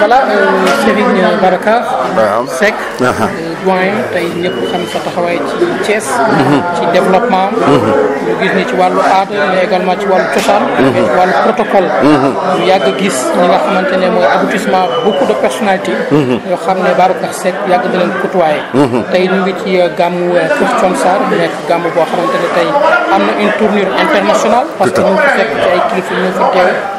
Zala euh, Serigne Babacar Seck euh, doyen tey ñëpp xam sa taxawaay ci Thiès mhm. ci développement mhm. ñu gis ni ci wàllu aada mais également ci wàllu cosaan mais mhm. ci wàllu protocole ñu yàgg gis ñi nga xamante ne mooy aboutissement beaucoup de personnalité yoo xam ne Babacar Seck yàgg da leen côtoyé tey ñu ngi ci euh, gàmmu Kër Thione Sarr mu boo xamante ne tey am na une tournure internationale parce que ñu ngi fekk kilifa ñu ngi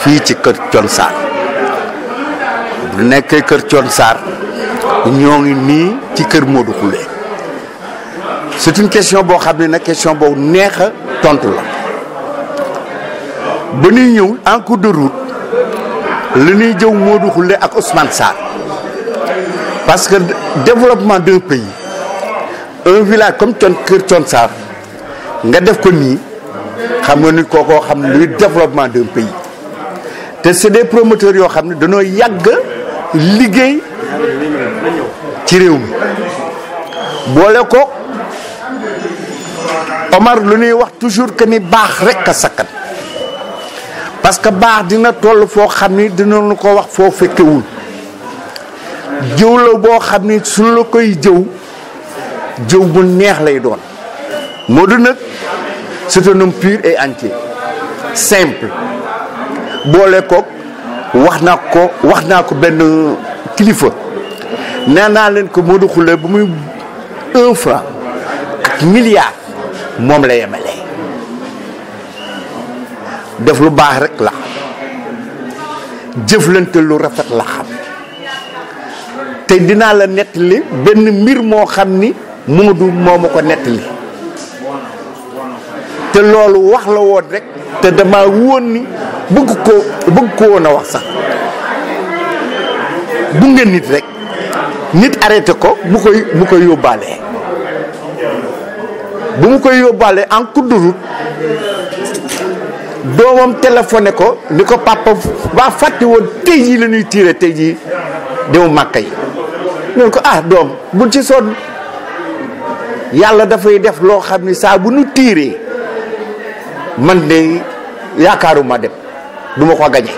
fii ci kër Thione Sarr bu nekkee kër Thione Sarr ñoo ngi nii ci kër Modou Khoule c'est une question boo xam ne nag question boobu neex a tontu la ba ñuy ñëw en cours de route li ñuy jëw Modou Khoule ak Ousmane Sarr parce que développement d'un pays un village comme Thione nga def ko nii xam nga ni kookoo xam luy développement d'un pays te c'est des promoteurs yoo xam ne dañoo yàgg liggéey ci réew mi boole ko Omar lu ñuy wax toujours que ni baax rekk a sakkan parce que baax dina toll foo xam ni dinañu ko wax foo fekkewul jëw la boo xam ni suñu la koy jëw jëw bu neex lay doon Modou nag c'est un homme pur et entier simple boole koog wax naa ko wax naa ko benn kilifa nee naa leen ko Modou Khoule bu muy un franc ak milliard moom la yemale def lu baax rek la jëflante lu rafet la xam te dinaa la nettali benn mbir moo xam ni Modou moo ma ko nettali te loolu wax la woon rek te dama woon ni bëgg ko bëgg ko woon a wax sax bu ngeen nit rek nit arrêté ko mu koy mu koy yóbbaalee bu mu koy yóbbaalee en cours de route doomam téléphoné ko ni ko papa ba fàtte woon tey jii la ñuy tiire tey jii demu màkka yi noonu ko ah doom bul ci sonn yàlla dafay def loo xam ni saa bu nu tiiree man de yaakaaruma dem duma ko gañe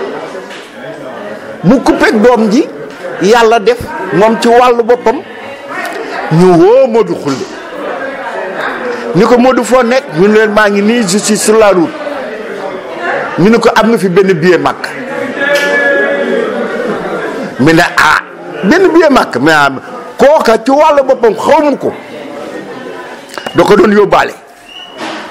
mu coupeeg doom ji yàlla def moom ci wàllu boppam ñu woo Modou Khoule ni ko Modou foo nekk ñu ne maa ngi nii je suis sur la route ñu ne ko am na fi benn billet màkk mi ne ah benn billet màkk mais ah, kooka ci wàll boppam xaw ma ko da ko doon yóbbaale.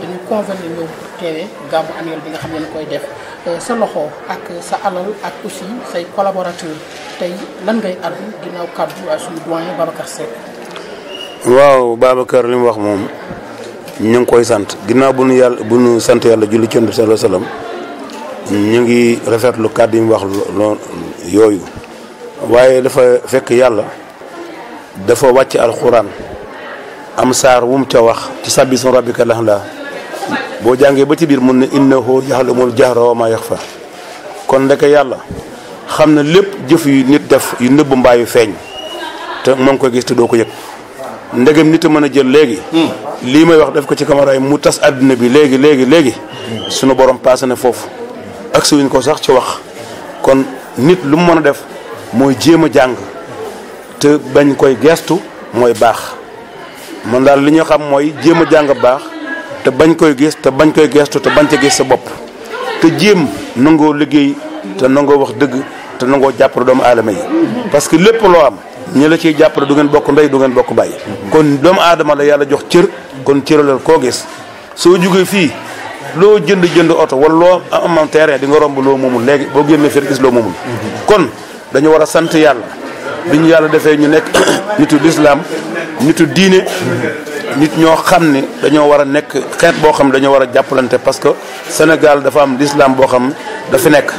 dañu convenir ñëw xam ne ñu euh, sa loxo ak sa alal ak aussi say collaborateur tey lan ngay addu ginnaaw kàddu waaye suñu doyen Babacar waaw Babacar li mu wax moom ñu ngi koy sant ginnaaw bu nu bu nu sant yàlla julli ci Yonent bi sallallahu alayhi wasallam ñu ngi rafetlu kàddu yi mu wax yooyu waaye dafa fekk yàlla dafa wàcc alxuraan am saar wu mu ca wax ci sabbi sun rabbika laxlaa boo jàngee ba ci biir mun ne innahu ya'lamul jahra wa ma yaxfa kon ndeke yàlla xam na lépp jëf yu nit def yu nëbb mbaa yu feeñ te moo ngi koy gis te doo ko yëg ndegem nit a mën a jël léegi hmm. lii may wax def ko ci caméra yi mu tas àddina bi léegi léegi léegi sunu borom passé na foofu ak suñu ko sax ci wax kon nit lu mu mën a def mooy jéem a jàng te bañ koy geestu mooy baax man daal li ñu xam mooy jéem a jàng baax te bañ koy gis te bañ koy gestu te bañ ci gis sa bop te jim nango liggey te nango wax deug te nango jàppale doom adama yi parce que lepp lo am ñi la ci jàppale du ngeen bokk ndey du ngeen bokk bay kon doom adama la yalla jox cër kon cëralal ko gis so jugge fi lo jënd jënd auto wala lo am terrain di nga romb lo momul legi bo génnee fi gis lo momul kon dañu wara sante yalla biñu yalla defé ñu nek nitu lislaam nitu diiné nit ñoo xam ne dañoo war a nekk xeet boo xam ne dañoo war a jàppalante parce que Sénégal dafa am lislaam boo xam dafa nekk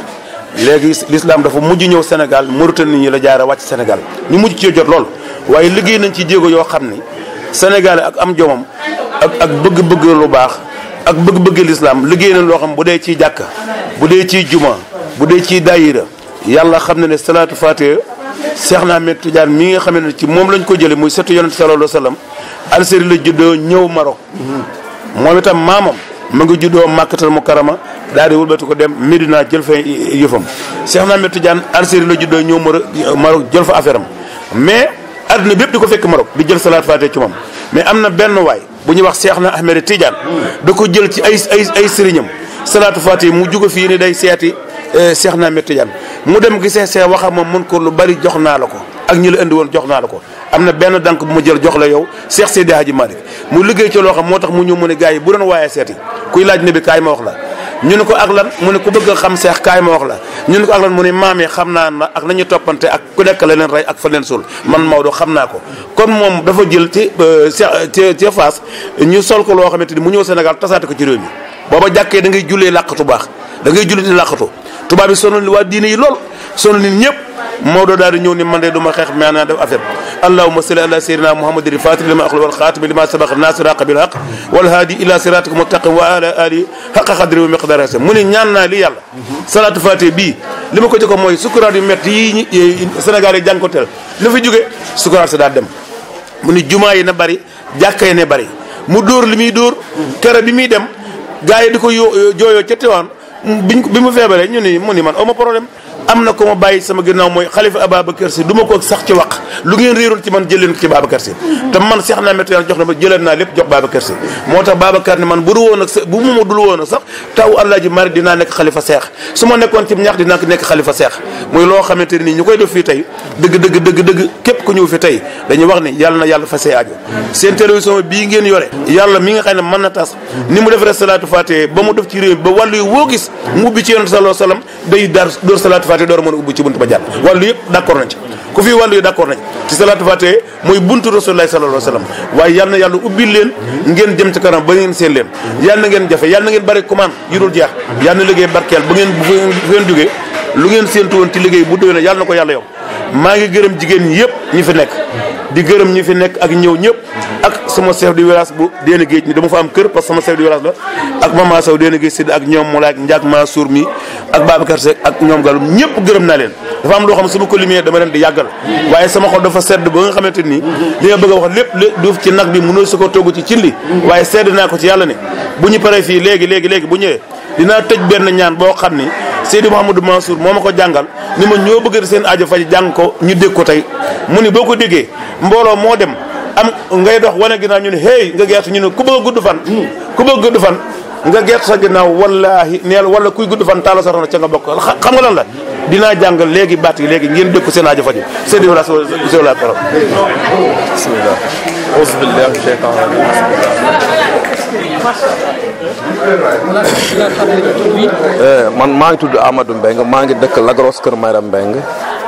léegi l'islam dafa mujj ñëw Sénégal Mauritanie ñi la jaare wàcc Sénégal ñu mujj ci jot lool waaye liggéey nañ ci jéego yoo xam ni Sénégal ak am jomam ak ak bëgg-bëgg lu baax ak bëgg-bëgg l'islam liggéey nañ loo xam bu dee ciy jàkk bu dee ci juma bu dee ciy daayira yàlla xam na ne salaatu faatiha Seex Ahmed Tidiane mi nga xam ne ci moom lañ ko jëlee muy sëtu yonent sallallahu alayhi wa Algérie la juddoo ñëw Maroc moom itam maamam mu ngi juddoo Makkatal Mukarrama daal di wëlbati ko dem Medina jël fa yëfam Cheikh Ahmed Tidiane Algérie la juddoo ñëw Maroc jël fa affaire am mais adduna bépp di fekk Maroc di jël salaat faate ci moom mais am na benn waay bu ñuy wax Cheikh na Ahmed Tidiane da ko jël ci ay ay ay sëriñam salaatu faate mu jugo fii day seeti euh, Cheikh na Ahmed mu dem gisee see waxam moom mun ko lu bari jox naa la ko ak ñu la indi woon jox naa la ko am na benn dank bu ma jël jox la yow Cheikh Seydi Hadji Malick mu liggéey ci loo xam moo tax mu ñëw mun ne gars yi bu doon waaye seeti kuy laaj ne bi kaay ma la ñu ne ko ak lan mu ne ku bëgg a xam seex kaay ma la ñu ko ak lan mu ne maam xam naa na ak nañu toppante ak ku nekk la leen ak fa leen suul man Maodo xam naa ko kon moom dafa jël ci euh, euh, ci ci Fass sol ko loo xamante ni mu ñëw Sénégal tasaate ko ci réew mi booba jàkkee da ngay jullee làqatu baax dangay ngay julli di làqatu tubaab bi sonal waa diine yi lool sonal nit ñëpp Maodo daal di ñëw ni man de du ma xeex mais a def a allahumma salli ala sayyidina muhammadin fatih lima axlu wal xaatimi lima sabax nasiraqa bil haq wal haadi ila siratika mustaqim wa ala ali haqa xadri wa miqdari hasim ñaan naa li yàlla salaatu fatih bii li ma ko jëkko mooy sukuraat yu métti yi Sénégal yi jàng ko teel la fi jóge sukuraat dem mu jumaa yi na bari jàkka yi ne bari mu dóor li muy dóor kere bi muy dem gars yi di ko yo jooyoo ca Tiwaan biñ bi mu feebaree ñu am na ko ma bàyyi sama ginnaaw mooy xalifa Ababacar Si du ma ko sax ci wax lu ngeen réerul ci man jël leen ko ci Babacar Si te man seex naa météo jox na ma jëleen naa lépp jox Babacar Si moo tax Babacar ne man bu dul ma dul woon sax taw nekk xalifa seex su loo xamante nii koy def fii tey dëgg dëgg dëgg dëgg képp ku ñëw fi tey dañuy wax ne yàlla na yàlla fa see aju bii ngeen yore yàlla mi nga xam ne mën na tas ni mu def rek salaatu te ba mu def ci réew ba wàllu woo gis mu ubbi ci yonent sallallahu alayhi day dar door salaatu fatiha salaatu yi door a mën a ubbi ci buntu ba jàll wàllu yëpp d' nañ ci fi wàllu yi d' accord nañ ci salaatu fatee mooy buntu rasulullahi sallallahu waaye yal na yàlla ubbi leen ngeen jëm ci ba ngeen seen leen yal na ngeen jafe yal na ngeen bari commande yu dul jeex yal na liggéey barkeel ba ngeen bu ngeen jógee lu ngeen séentu woon ci liggéey bu déwénee yàlla na ko yàlla yow maa ngi gërëm jigéen ñi yëpp ñi fi nekk di gërëm ñi fi nekk ak ñëw ñëpp ak sama chef di village bu déen géej ni dama fa am kër parce que sama chef de village la ak Mama Sow déen géej sud ak ñoom Moulay ak Ndiak Mansour mi ak Babacar Seck ak ñoom Galum ñëpp gërëm naa leen dafa am loo xam su ma ko limee dama leen di yàggal waaye sama xol dafa sedd ba nga xamante nii li nga bëgg a wax lépp lé duuf ci nag bi mënoo su ko togg ci cin li waaye sed naa ko ci yàlla ne bu ñu paree fii léegi léegi léegi bu ñëwee dina tëj benn ñaan boo xam ni Seydou Mouhamadou suur moo ma ko jàngal ni ma ñoo bëgg seen aajo faj jàng ko ñu dégg ko tey mu ni boo ko déggee mbooloo moo dem am ngay dox wane ginnaaw ñu ne hey nga geesu ñu ne ku bëgg a gudd fan ku bëgg gudd fan nga gert sa ginnaaw wallaahi neel wala kuy gudd fan taala sa rono ca nga bokk xam nga lan la dinaa jàngal léegi baat yi léegi ngeen dégg ko seen aajo faju seen di wala seen la koro bismillah ausbillahi shaytan rajim eh, man maa ngi tudd Amadou Mbengue maa ngi dëkk Lagros Kër Mayram Mbengue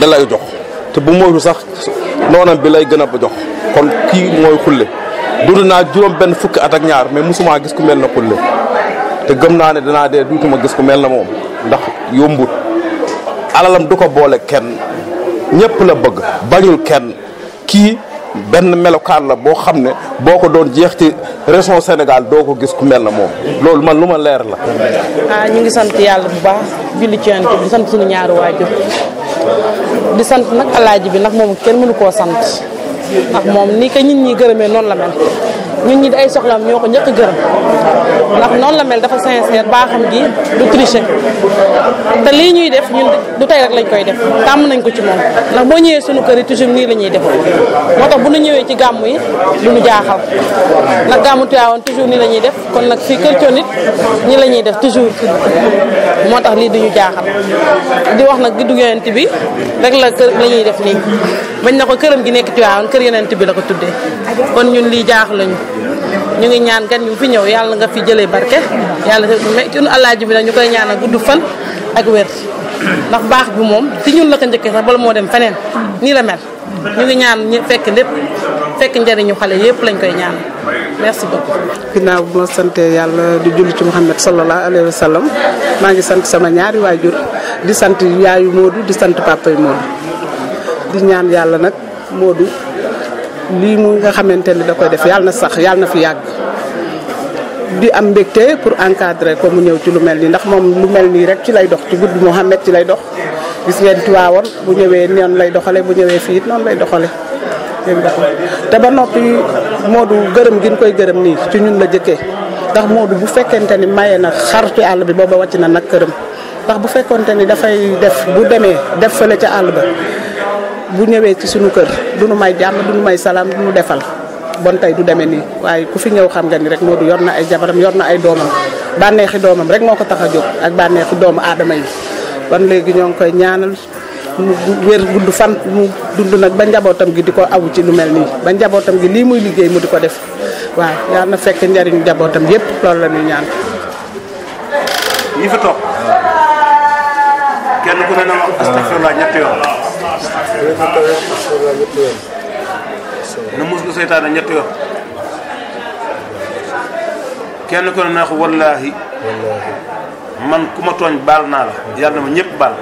dalay da jox te bu moytu sax noonam bi lay gën a jox kon kii mooy xulle dund naa juróom benn fukki at ak ñaar mais mosuma gis ku mel na xulle te gëm naa ne danaa dee duutuma gis ku mel na moom ndax yombut alalam du ko boole kenn ñëpp la bëgg bañul kenn kii benn melokaan la boo xam ne boo ko doon jeex ci région Sénégal doo ko gis ku mel na moom loolu man lu ma leer la. ah ñu ngi sant yàlla bu baax julli ci yonent bi di sant suñu ñaari waajur di sant nag alaaji bi nag moom kenn mënu koo sant ndax moom ni ko nit ñi gërëmee noonu la mel. ñun ñi di ay soxlaam ñoo ko njëkk gërëm ndax noonu la mel dafa sincère baaxam gi du tricher te lii ñuy def ñun du tey rek lañ koy def tàmm nañ ko ci moom ndax boo ñëwee sunu kër yi toujours nii la ñuy def moo bu ñu ñëwee ci gàmm yi du ñu jaaxal ndax gàmmu Tiwaawan toujours nii la ñuy def kon nag fii kër Thione it ñi la ñuy def toujours moo tax lii du ñu jaaxal di wax nag guddi yonent bi rek la kër la ñuy def nii bañ na ko këram gi nekk Tiwaawan kër yonent bi la ko tuddee kon ñun lii jaax lañu ñu ngi ñaan gan ñu fi ñew yalla nga fi jëlee barke yàlla ci nu alaaji bi la ñukay ñaanal guddu fan ak wër ndax baax bi mom ci ñun la ko ñëkke sax bala mo dem fenen ni la mel ñu ngi ñaan fekk lepp fekk ñu xalé yépp lañ koy ñaan merci beaucoup ginaaw bu ma santé yalla di jullu ci muhammad sallallahu alayhi Wasallam ma ngi sant sama ñaari wajur di sant yaayu modou di sant papay modou di ñaan yalla nak modou lii mu nga xamante ni da koy def yàlla na sax yàlla na fi yàgg di am mbégte pour encadrer ko mu ñëw ci lu mel nii ndax moom lu mel nii rek ci lay dox ci gudd Mouhamed ci lay dox gis ngeen Tiwaawoon bu ñëwee noonu lay doxale bu ñëwee fii it noonu lay doxale te ba noppi Modou gërëm gi ñu koy gërëm nii ci ñun la jëkkee ndax Modou bu fekkente ni maye na xar ci àll bi booba wàcc na nag këram ndax bu fekkonte ni dafay def bu demee def fële ca àll ba bu ñëwé ci suñu kër duñu may jamm duñu may salam duñu défal defal bon tay du démé ni waye ku fi ñëw xam nga ni rek Modou yor ay jabaram yorna ay doomam banéxi doomam rek moko taxa tax ak banéxi adama yi ban légui ñong koy ñaanal mu wër gudd fan mu dund nak ba njabotam gi diko awu ci lu melni ba njabotam gi li muy liggéey mu diko def waaw yal na fekk ndariñ njabotam yépp loolu la ñu ñaan ñi fa top kenn ku ne na astaghfirullah yoon na mus lu seytaane ñetti yoon kenn ko ne neex wallaahi man ku ma tooñ baal naa la yàlla na ma ñëpp baal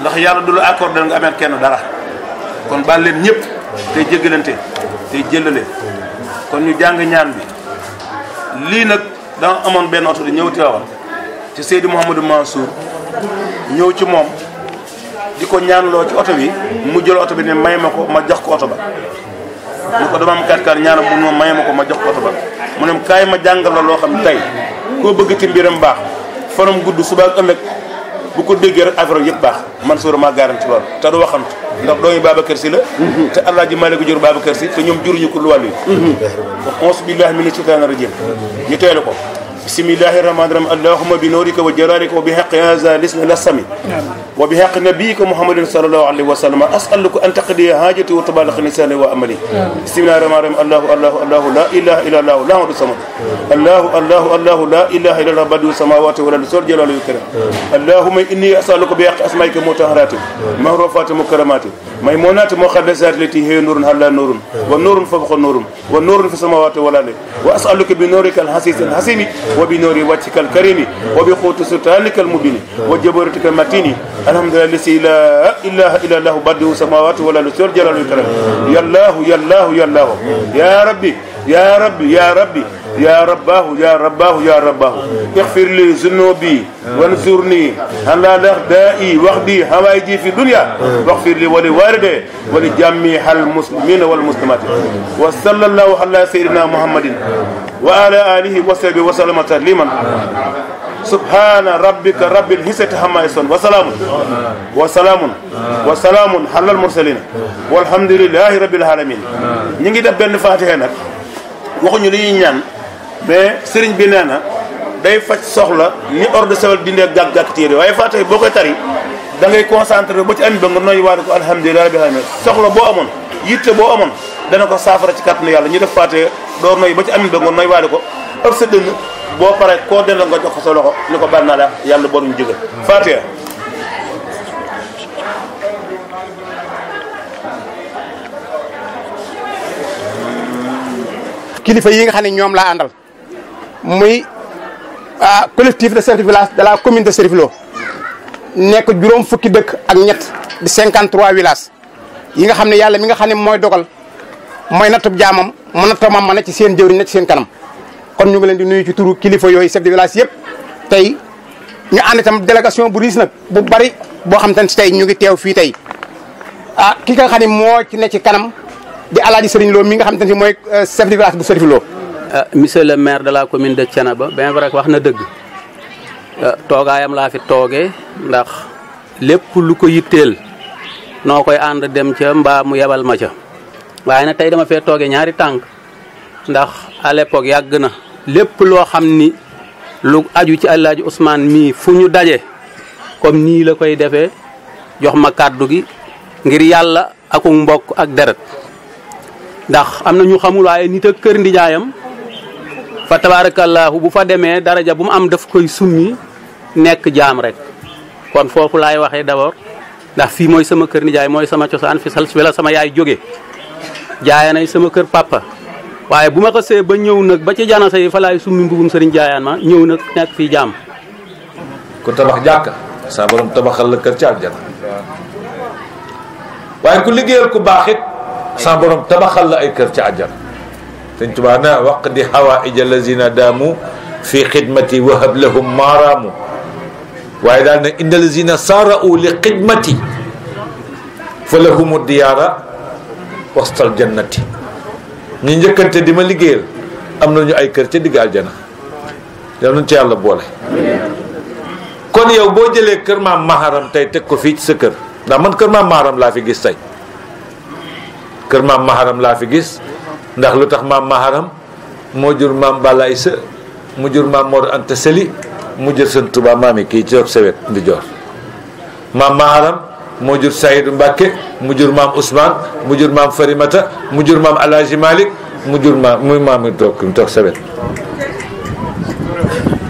ndax yàlla du la accordé nga amee kenn dara kon baal leen ñëpp tey jéggalante tey jëllale kon ñu jàng ñaan bi lii nag dama amoon benn oto di ñëw Tiwaawan ci Seydi Mouhamadou Mansour ñëw ci moom di ko ñaanloo ci oto bi mu jël oto bi ne may ma ko ma jox ko oto ba mu ko dama am kàttan ñaanal mu ne may ko ma jox ko oto ba mu ne kaay ma jàngal la loo xam tey koo bëgg ci mbiram baax fanam gudd suba ak ëllëg bu ko déggee rek affaire yëpp baax man suura maa garanti lool te du waxantu ndax baaba kër Si la te Alaaji Maalik jur Babacar Si te ñoom juruñu ko lu wàllu yi mm-hmm. auzu billaahi mina sheytaani rajiim ñu teelu ko بسم الله الرحمن الرحيم اللهم بنورك وجلالك وبحق هذا الاسم الاسمي نعم. وبحق نبيك محمد صلى الله عليه وسلم اسالك ان تقضي حاجتي وتبارك لساني واملي نعم. بسم الله الرحمن الرحيم الله الله الله لا اله الا الله لا حول الصمد الله الله الله لا اله الا الله بدو السماوات ولا الارض جل والكرم نعم. اللهم اني اسالك بحق اسمائك المطهرات معروفات مكرمات ميمونات مقدسات التي هي نور هلا نور ونور فوق نور ونور في السماوات والارض واسالك بنورك الحسيس الحسيم وبنور وجهك الكريم وبقوت سلطانك المبين وجبرتك المتين الحمد لله الذي لا اله الا الله بديع السماوات والارض ذو جلاله والاكرام يا الله يا الله يا الله يا ربي يا ربي يا ربي يا رباه يا رباه يا رباه اغفر لي ذنوبي وانصرني على الاعداء واهدي حوائجي في الدنيا واغفر لي ولوالدي ولجميع المسلمين والمسلمات وصلى الله على سيدنا محمد وعلى اله وصحبه وسلم تسليما سبحان ربك رب العزة عما يصفون وسلام وسلام وسلام على المرسلين والحمد لله رب العالمين نيجي ngi def benn waxuñu li ñuy ñaan mais sëriñ bi nee na day faj soxla ni ordre sewel dindee gàgg-gàgg téere waaye faa boo koy tar da ngay concentré ba ci ami ba nga nooy waare ko alhamdulilah rabbil alamin soxla boo amoon yitte boo amoon dana ko saafara ci kàttanu yàlla ñu def faatee door noy ba ci amin ba nga nooy waare ko ëpp sa dënn boo paree koo dendal nga jox ko sa loxo ñu ko bànnaa la yàlla boruñu jógal faatee kilifa yi nga xam ne ñoom laa andal muy ah, collectif de chef de village de la commune de Cherif Lo nekk juróom fukki dëkk ak ñett di 53 villages yi nga xam ne yàlla mi nga xam ne mooy dogal mooy nattub jaamam mu nattamam ma ne ci seen jëwriñ ne ci seen kanam kon ñu ngi leen di nuyu ci turu kilifa yooyu chef de village yëpp tey ñu ànd itam délégation bu riis nag bu bari boo xam te ne si tey ñu ngi teew fii tey ah ki nga xam ne moo ci ci kanam di alaaji Serigne loo mi nga xam te ne mooy euh, chef de village bu Serif Lo. Euh, monsieur le maire de la commune de Thiénaba bien vrai wax na dëgg euh, toogaayam laa fi tooge ndax lépp lu ko yitteel noo koy ànd dem ca mbaa mu yebal ma ca waaye nag tey dama fee tooge ñaari tànk ndax à l'époque yàgg na lépp loo xam ni lu aju ci alaaji Ousmane mii fu ñu daje comme nii la koy defee jox ma kàddu gi ngir yàlla akum mbokk ak deret ndax am na ñu xamul waaye nit ak kër ndijaayam fa tabaarakallaahu bu fa demee daraja bu mu am daf koy summi nekk jaam rek kon foofu laay waxee d'abord ndax fii mooy sama kër nijaay mooy sama cosaan fi sal sama yaay jóge jaayaanay sama kër pàppa waaye bu ma xasee ba ñëw nag ba ci janasa yi fa laay summi mbugum sëriñ jaayaan ma ñëw nag nekk fii jaam ku tabax jàkk saa borom tabaxal la kër ci àjjana waaye ku liggéeyal ku baax sa borom tabaxal la ay kër ci àjjana sëñ Tuubaa na waq di xawaaij allazina daamu fi xidmati wahab lahum maaraamu waaye daal nag inda li xidmati fa lahumu diyaara wastal jannati ñu njëkkante di ma am nañu ay kër ca digg aljana yal boole kon yow boo jëlee kër maam maharam tey teg ko fii ci sa kër ndax man kër maam laa fi gis tey kër maam maharam laa fi gis ndax lu tax maam maharam moo jur maam Balla Issa mu jur maam Mor Anta Sali mu jur sëñ Tuubaa maami kii ci sewet ndi maam maharam moo jur Saydu Mbàkke mu jur maam Ousmane mu jur maam Farimata mu jur maam Alaaji Malik mu jur maam muy maam mi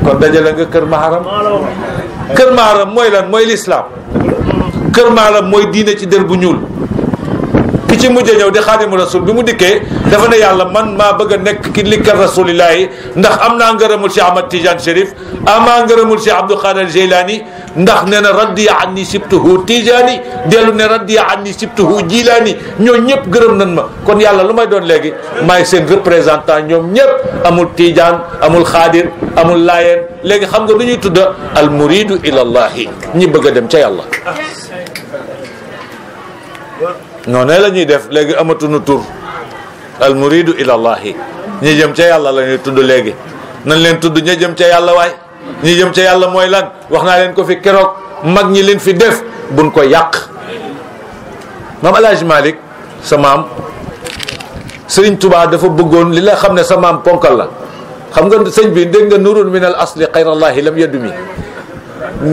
kon dajale nga kër maharam kër maharam mooy lan mooy lislaam kër maharam mooy diine ci der bu ñuul ci mujjé ñëw di xaadimu rasul bi mu dikkee dafa ne yàlla man ma bëgg nek ki li kar rasulillahi ndax amna naa Cheikh Ahmad Tidiane Chérif amaa ngërëmul Cheikh Abdou Khader jilani ndax né na raddi anni sibtuhu Tidiani delu ne raddi anni sibtuhu Jilani ñoo ñëpp gëreum nan ma kon yàlla lu may doon légui may seen représentant ñom ñëpp amul Tidiane amul Khadir amul Layen légui xam nga lu ñuy tudd al muridu allah ñi bëgg dem ci yàlla noonee la ñuy def léegi amatuñu tur al muridu ila allahi ñi jëm ca yàlla la tudd léegi nañ leen tudd ñi jëm ca yàlla waay ñi jëm ca yàlla mooy lan wax naa leen ko fi keroog mag ñi leen fi def buñ ko yàq maam El Hadj Malick sa maam dafa bëggoon li la xam ne sa ponkal la xam nga sëñ bi dégg nga nurun min al asli xayrallahi lam yadumi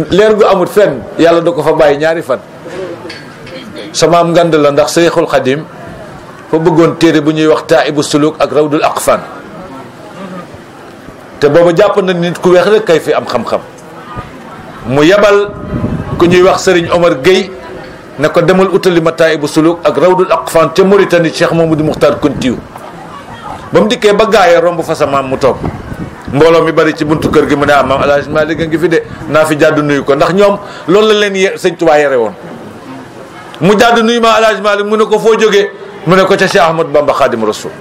leer gu amut fenn yàlla do ko fa bàyyi ñaari fan samaam ngand la ndax Seyxul Xadim fa bëggoon téere bu ñuy wax Taa'ibu Suluk ak Rawdul Aqfan te booba jàpp na nit ku weex rek kay fi am xam-xam mu yebal ku ñuy wax sëriñ Omar Gueye ne ko demal utali ma Taa'ibu Suluk ak raw Rawdul Aqfan ca Mauritanie Cheikh Mamadou Moukhtar Kountiou ba mu dikkee ba gaaya romb fa samaam mu toog mbooloo mi bari ci buntu kër gi mu ne ah maam El Hadj ngi fi de naa fi jàddu nuyu ko ndax ñoom loolu la leen yee sëñ Tuubaa woon. mu jàdd nuy ma alaaj Malik mu ne ko foo jóge mu ne ko ca Cheikh Ahmad Bamba Khadim Rasoul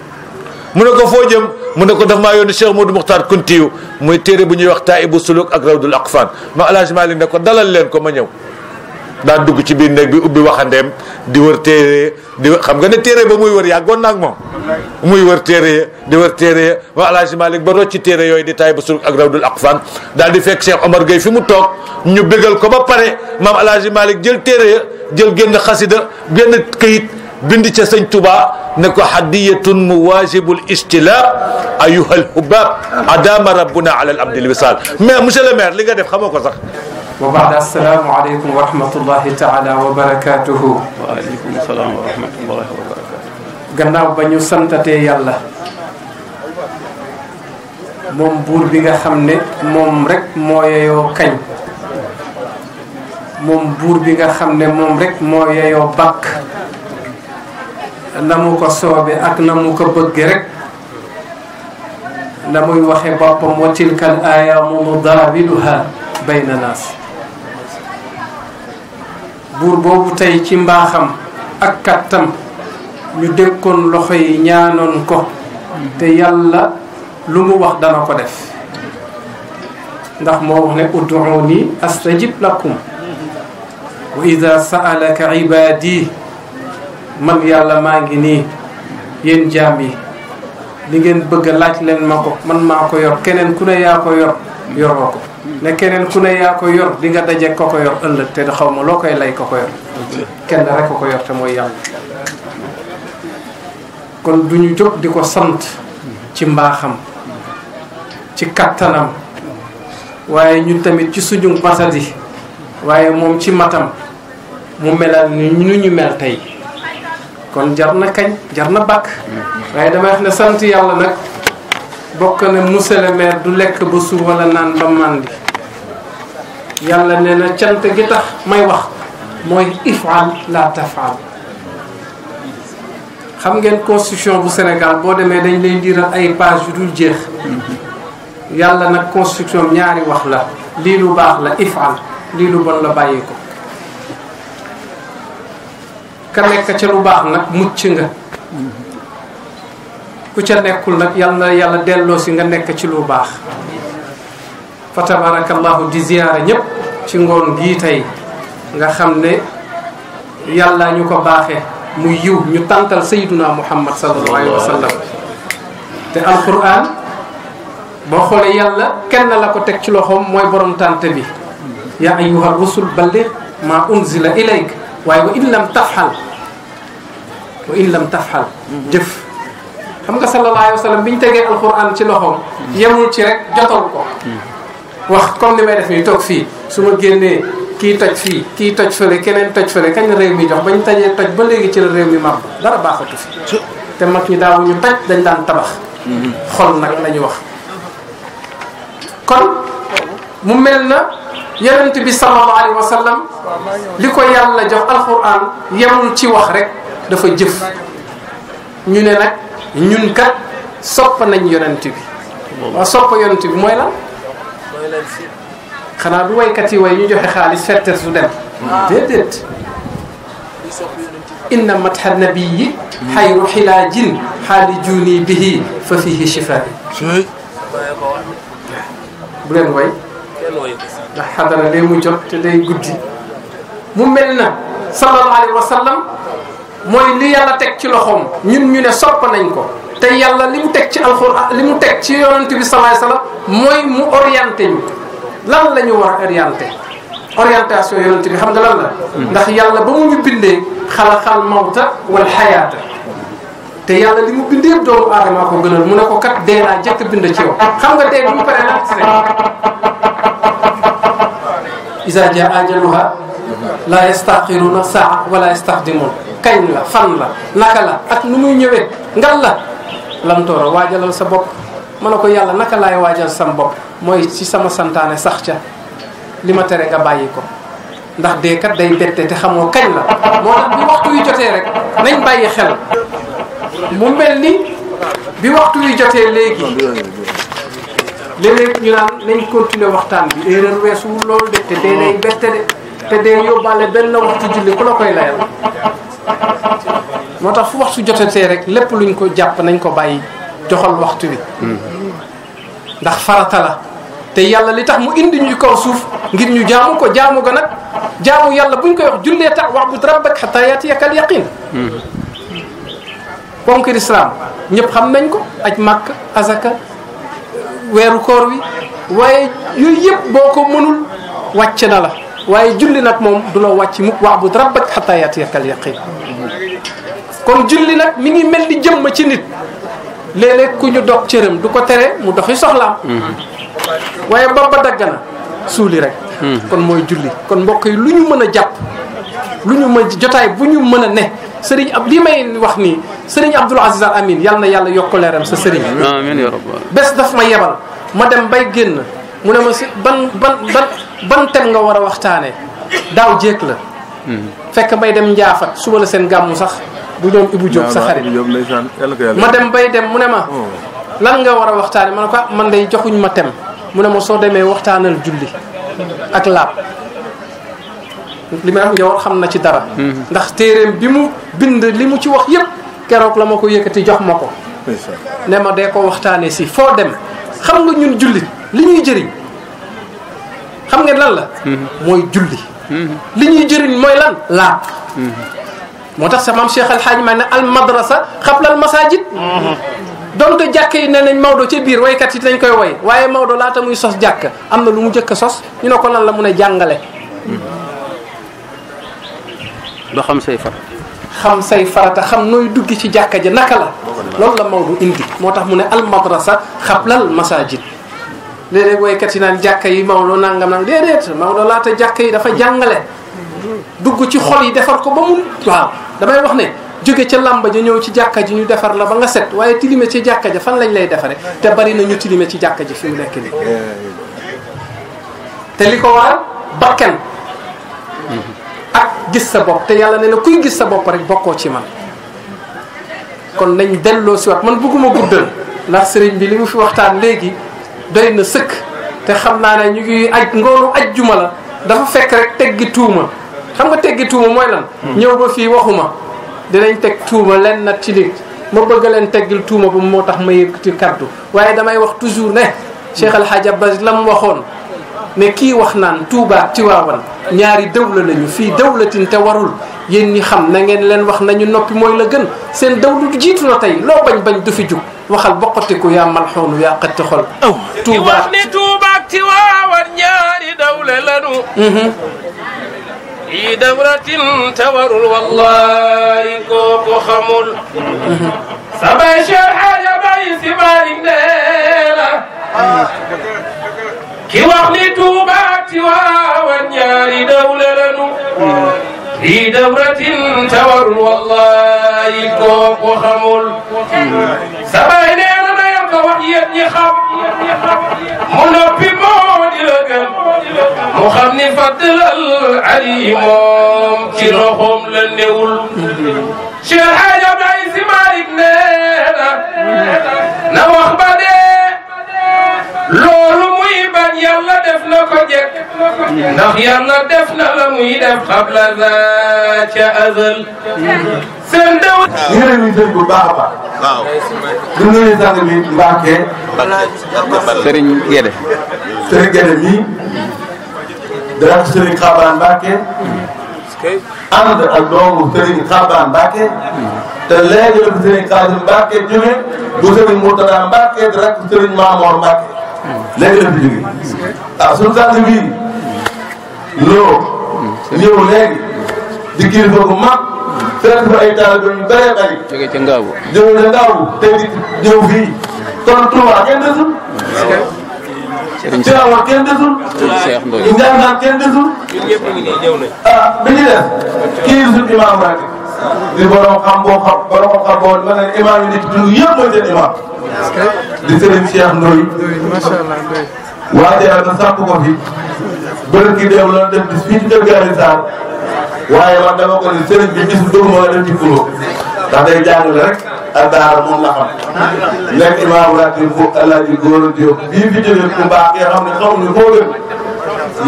mu ne ko foo jëm mu ne ko daf maa yónni Cheikh Modou Mokhtar Kuntiyu muy téere bu ñuy wax Taïbu Suluk ak Rawdul Aqfan ma alaaj Malik ne ko dalal leen ko ma ñëw daan dugg ci biir néeg bi ubbi waxandeem di wër téere di xam nga ne téere ba muy wër yàggoon naag moom muy wër téere di wër téere ba Alaaji Malik ba rocci téere yooyu di tay ba surug ak rawdul aqfan daal di fekk Cheikh Omar Gueye fi mu toog ñu bégal ko ba pare maam Alaaji Malik jël téere ya jël génn xasida génn këyit bind ca sëñ Tuba ne ko hadiyatun muwajibul istilaab ayuhal hubaab adama rabbuna ala al abdil wisaal mais monsieur le maire li nga def xamoo ko sax wa baada assalaamu aleykum wa rahmatullahi taala wa barakaatuhu. waaleykum salaam gannaaw ba ñu santatee yàlla. moom buur bi nga xam ne moom rek moo yeyoo kañ. moom buur bi nga xam ne moom rek moo yeyoo bàkk. na mu ko soobe ak na mu ko bëgg rek. na muy waxe boppam wa tilkal aayaamu nudaawiluha bayna naas buur boobu tey ci mbaaxam ak kàttam ñu dékkoon loxo yi ñaanoon ko te yàlla lu mu wax dana ko def ndax moo wax ne ud'uuni astajib lakum wa ida sa'alaka ibaadi man yàlla maa ngi nii yéen jaam yi li ngeen bëgg laaj leen ma ko man maa ko yor keneen ku ne yaa ko yor yoroo ko ne keneen ku ne yaa ko yor di nga daje ko ko yor ëllëg te xaw ma loo koy lay ko ko yor kenn rek ko ko yor te mooy yàlla kon du ñu jóg di ko sant ci mbaaxam ci kattanam waaye ñu tamit ci suñu masadi waaye moom ci matam mu melal ni ñu ñu mel tey kon jar na kañ jar na bàkk waaye damay wax ne sant yàlla nag bokk na monsieur le du lekk ba suur wala naan ba màndi yàlla nee na cant gi tax may wax mooy ifal la tafal xam ngeen constitution bu senegaal boo demee dañ lay liiral ay page yu dul jeex yàlla nag constitution ñaari wax la lii lu baax la ifal lii lu bon la bàyyi ko ka nekk ca lu baax nag mucc nga ku ca nekkul nag yal na yàlla delloo si nga nekk ci lu baax fa tabarakallahu di ziyaara ñëpp ci ngoon gii tey nga xam ne yàlla ñu ko baaxe mu yiw ñu tàntal sayyiduna muhammad sallallahu alayhi wa sallam te alquran boo xoolee yàlla kenn la ko teg ci loxoom mooy borom tànt bi yaa ayyuha rusul balligh ma unzila ilayk waaye wa in lam tafxal wa in lam tafxal jëf xam nga sallallahu alayhi wa sallam bi ñu tegee alquran ci loxoom. yemul ci rek jotal ko. wax comme ni may def nii toog fii su ma génnee kii toj fii kii toj fële keneen toj fële kañ la réew mi jox bañ tajee toj ba léegi ci la réew mi màbb dara baaxatu fi. te mag ñi daawuñu toj dañ daan tabax. xol nag la wax. kon mu mel na yonent bi sallallahu alayhi wa li ko yàlla jox alquran yemul ci wax rek dafa jëf ñu ne nag. ñun kat sopp nañ yonent bi wa sopp yonent bi mooy lan xanaa du waykat yi way ñu joxe xaalis fetter su dem déedéet inna matxa nabiyi xayru xilaajin xaali juuni bihi fa fihi shifa bu leen way ndax xadara lee mu jot te day guddi mu mel sallallahu alayhi wa mooy li yàlla teg ci loxoom ñun ñu ne sopp nañ ko te yàlla li mu teg ci alxuraan li mu teg ci yonent bi salaay salaam mooy mu orienté ñu lan la ñu war a orienté orientation yonent bi xam nga lan la. ndax yàlla ba mu ñu bindee xalaxal mawta wal xayaata te yàlla li mu bindee doomu aadama ko gënal mu ne ko kat dee naa jëkk bind ci yow. xam nga dee bi mu paree nag si isa jaa ajaluha la yastaxiruuna saa wala yastaqdimuun kañ la fan la naka la ak nu muy ñëwee ngal la lamtooro waajalal sa bopp ma ne ko yàlla naka laay waajal sama bopp mooy ci sama santaane sax ca li ma tere nga bàyyi ko ndax dee kat day bette te xamoo kañ la moo tax bi waxtu yu jotee rek nañ bàyyi xel mu mel ni bi waxtu yu jotee léegi léeg-léeg ñu naan nañ continuer waxtaan bi erreur weesuwul loolu de dee day bette te dee yóbbaale benn waxtu julli ku la koy layal moo tax fu waxtu jotatee rek lépp luñ ko jàpp nañ ko bàyyi joxal waxtu wi ndax farata la te yàlla li tax mu indi ñu kaw suuf ngir ñu jaamu ko jaamu ga nag jaamu yàlla buñ koy wax jullee tax wa'bud rabbak hatta ya'tiyaka al yaqin ponk lislaam ñëpp xam nañ ko aj màkk azaka weeru koor wi waaye yooyu yëpp boo ko mënul wàcc na la waaye julli nag moom du la wàcc mukk dara ba hattaa ya'tiyakal yaqiin kon julli nag mi ngi mel ni jëmm ci nit léeg-léeg ku ñu dog cëram du ko tere mu doxi soxlaam waaye ba ba dagg suuli rek kon mooy julli kon mbokk yi lu ñu mën a jàpp lu ñu mën jotaay bu ñu mën a ne sëriñ ab li may wax nii sëriñ Abdoul Aziz Al Amin yal na yàlla yokk leeram sa sëriñ amiin bés daf ma yebal ma dem bay génn mu ne ma si ban ban ban thème nga war a waxtaanee daaw jéeg la. Hmm. fekk may dem njaafat suba la seen gàmmu sax bu ñoom Ibou Diop sa xarit ma dem bay dem mu ne ma. Oh. lan nga war a waxtaane ah, man na quoi man day joxuñ ma thème mu ne ma soo demee waxtaanal julli ak laab. li may wax yow xam na ci dara. Hmm. ndax téeréem bi mu bind li mu ci wax yëpp keroog la ma ko yëkkati jox ma ko. ne ma dee ko waxtaanee si foo dem xam nga ñun jullit li ñuy jëriñ. xam nga lan la. Mm-hmm. mooy julli. Mm-hmm. li ñuy jëriñ mooy lan laat mm-hmm. moo tax sa maam Cheikh Al Hadj maa ne al madrasa xabla al masajid. donc jàkk yi ne nañ Maodo ci biir waykat yi dañ koy woy waaye Maodo laata muy sos jàkk am na lu mu njëkk a sos ñu ne ko lan la mun a jàngale. ba xam say far. xam farata xam nooy dugg ci jàkka ja naka la loolu la Maodo indi moo tax mu ne al madrasa xablal masajid léeg-léeg woykat yi naan jàkka yi Maodo nangam nag déedéet Maodo laata jàkka yi dafa jàngale dugg ci xol yi defar ko ba mu waaw damay wax ne jóge ca làmba ja ñëw ci jàkka ji ñu defar la ba nga set waaye tilime ci jàkka ja fan lañ lay defare te bari nañu ñu tilime ci jàkka ji fi nekk nii te li ko waral bakken ak gis sa bopp te yàlla ne na kuy gis sa bopp rek bokkoo ci man kon nañ delloo si waat man bëgguma guddal ndax sëriñ bi li mu fi waxtaan léegi doy na sëkk te xam naa ne ñu ngi aj ngoonu ajjuma la dafa fekk rek teggi tuuma xam nga teggi tuuma mooy lan ñëw ba fii waxuma dinañ teg tuuma len na ci nit ma bëgg leen teggil tuuma bu moo tax ma yëkkati kaddu waaye damay wax toujours ne Cheikh El Hadj Abbas la mu waxoon ne kii wax naan Touba Tiwaawan ñaari dawla lañu fii dawlatin te warul yéen ñi xam na ngeen leen wax nañu noppi mooy la gën seen dawlu jiitu na tey loo bañ bañ du fi jug waxal boqatiku yaa malxuunu yaa qatti xol aw tuuba wax ni tuubaak ti waawan ñaari dawle lanu في دورة تور والله كوك خمل سبع شرحة جبعي سبار ديلا كي وغني توبات وانياري دولة لنو في دورة تور والله كوك وخمول سبعين أنا يبقى وحيد يخب منبي مود لكم مخمني فضل العليم كرهم للنول شير حاجة بلايس مالك نينا نوخ بدي لولو مهم nag yàlla def na ko jekk ndax yàlla def na la muy def xabla za cha azal seen daw ñu ngi leen di dégg bu baax a baax waaw ñu ngi leen mi Mbacke Serigne Guédé Serigne Guédé mii dara Serigne Xaabaan Mbacke ànd ak doomu Serigne Xaabaan Mbacke te léegi la fi Serigne Xaadim Mbacke jóge bu Serigne Mourtada Mbacke dara Serigne Mamour Mbacke léegi la fi jógee ah suñu sànni bii loo ñëw di kilifa bu mag fekk fa ay taal yu bëree bëri. jógee ca Ngaabu jógee ca Ngaabu tey di ñëw kenn desul. Serigne Cheikh kenn desul. Cheikh Ndoye Ndiaye kenn desul. ah bi ñu def kii suñu imaam li borom xam boo xam borom xam boo ma ne imaam yi nit dund yëpp mooy seen imaam. di sëriñ Cheikh Ndoye. macha allah. waa Jalle na sàpp ko fi. bële gi dem la dem fii ci kër Gare Sarr. waaye man dama ko ni sëriñ bi bis dugg moo dem ci kulo. ndax day jàngale rek. ak daara moom la xam. nekk imaam rajo bu El Hadj Gora Diop bii fi jógee ku baax nga xam ne xamuñu foo gën.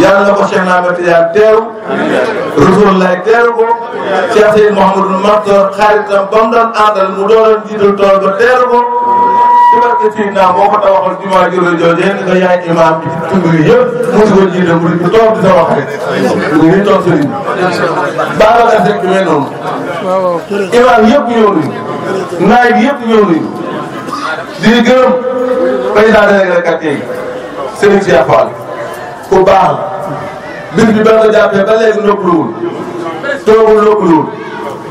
yàlla ko Cheikh Ahmed Tidiane teeru. Rasulullah teeru ko. Cheikh Seydou Mouhamadou Makhtar xaaritam ba mu doon mu doon jiital tool teeru ko. ci barke Seydina moo ko tabaxal jumaa jula jooju yéen nga yaay imaam bi ci tund yi yëpp mosu ko mu di toog di sama xarit. mu ngi toog sëriñ bi. baal la rek mel noonu. imaam yëpp ñëw nañu. naay bi yëpp ñëw nañu. di gërëm président délégué quartier yi ku baax la mbir bi ba nga jàppee ba léegi noppaluwul toogul noppaluwul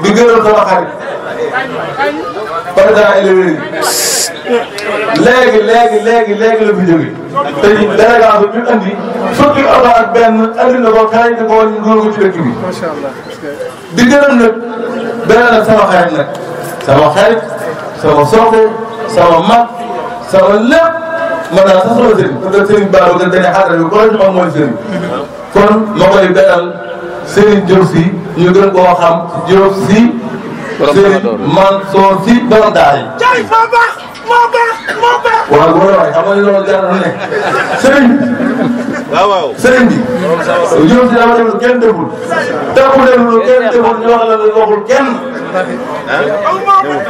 di gërëm sama xarit président élevé léegi léegi léegi léegi la fi jógee te ñu délégation bi ñu andi fukki oto ak benn andi na ko kaay na ko woon dugal ko ci dëkk bi. di gërëm nag beneen ak sama xarit nag sama xarit sama soppe sama mag sama lépp. man daal sax sama sëriñ parce que sëriñ Ba la gën a aada bi boole ñu xam mooy sëriñ kon ma koy beral sëriñ Diop si ñu gën koo xam Diop si. sëriñ Mansour si borom daara yi. waaw bu ma la waxee xam nga waaw waaw sëriñ bi. yow si dama demul kenn demul. dàqu demul kenn demul ñu wax la ne waxul kenn.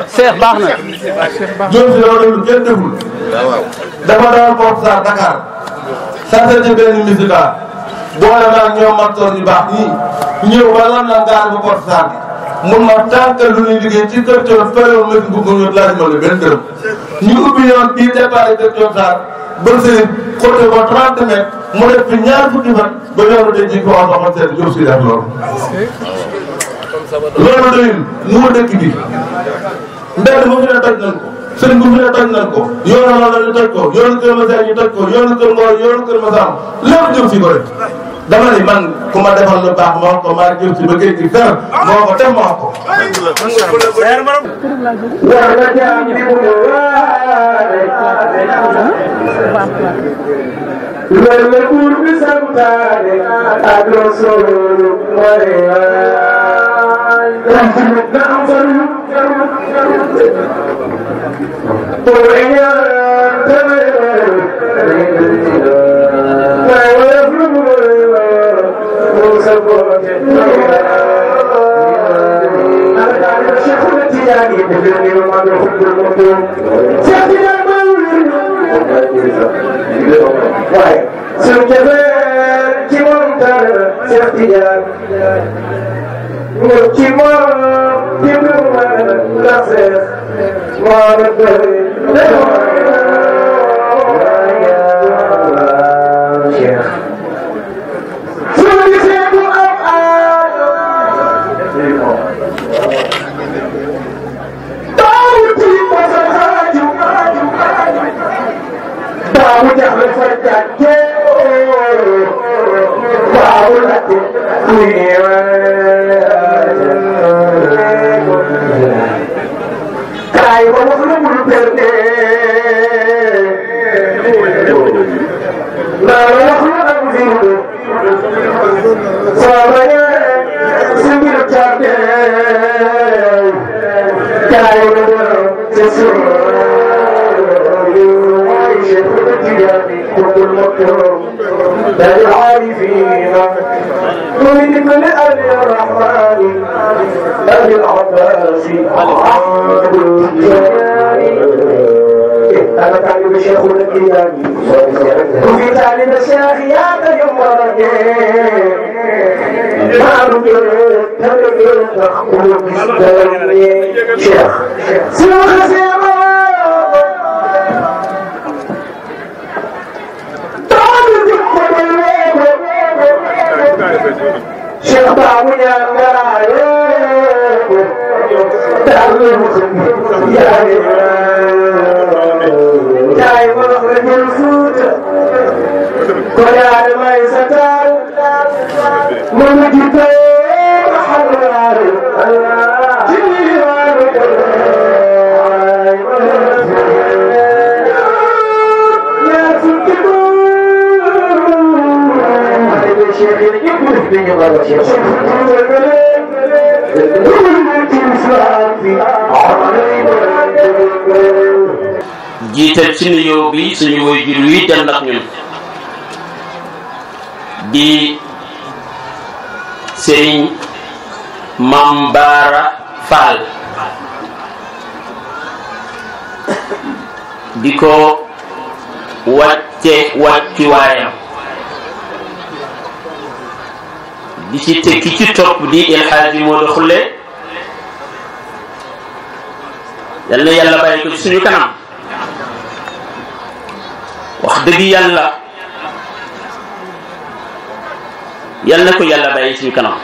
seex baax na. yow si dama demul kenn demul. dafa daan foofu sax Dakar. sant ci benn musiba. boole naa ñoom martoor yu baax nii. ñëw ba lan la gaar bu porte sax bi. mun ma tànk lu ñuy liggéey ci kër Thion fële wu ma fi bëgg ñu ma la benn dërëm. ñu ubbi yoon bii départ kër Thion Sarr. ba Serigne de ba a mètres mu def fi ñaar fukki fan ba ñoom dañ ciy ko wax xamante ne Diop si def loolu. loolu doyul mu ma dëkk bi mbedd bu fi ne toj nañ ko sëriñ bu fi ne toj nañ ko yoonu Lalla ñu toj ko yoonu Kër Masar ñu toj ko yoonu Kër Ngor yoonu Kër Masar lépp jëm si ko rek dama man ku ma defal lu baax ma wax ko maa jëm si ba géej gi fer moo ko dem ma wax ko. waaw. loolu buur bi santaane ak loo soxla mooy waay. na am solo jarul jarul. pour ñaar tamit waay. waaye wala lu mu doon waay. pour sa bopp mooy waay. ak ak Cheikh Tidiane yi. dégg nga ni ma maa ngi xumbul moom. Cheikh Tidiane. waaye suñu jëfee ci moom tànn Cheikh Tidiane ñëw ci moom dimbalu ma ndax Cheikh moo la bëri Thank you. للعارفين تهلك لأبي الرحمن أبي العباس أحمد أنا تعلم الشيخ الكيلاني وفي تعلم الشيخ يا تجم ما نقدر نقدر نخبر شيخ شيخ سيما Cheikh Babou Niang garaayeeku daal yaay yaay ma wax la jël Fuuta ko yaay may sa taal ma mujj tey ma xam jiital ci nuyoo bi suñu waajur wi dem ñun di sëriñ Mame Bara di ko wàcce wàccuwaayam di ci teg ki ci topp di El Hadji Modou Khoule yal na yàlla bàyyi ko ci suñu kanam wax dëgg yàlla yal na ko yàlla bàyyi suñu kanam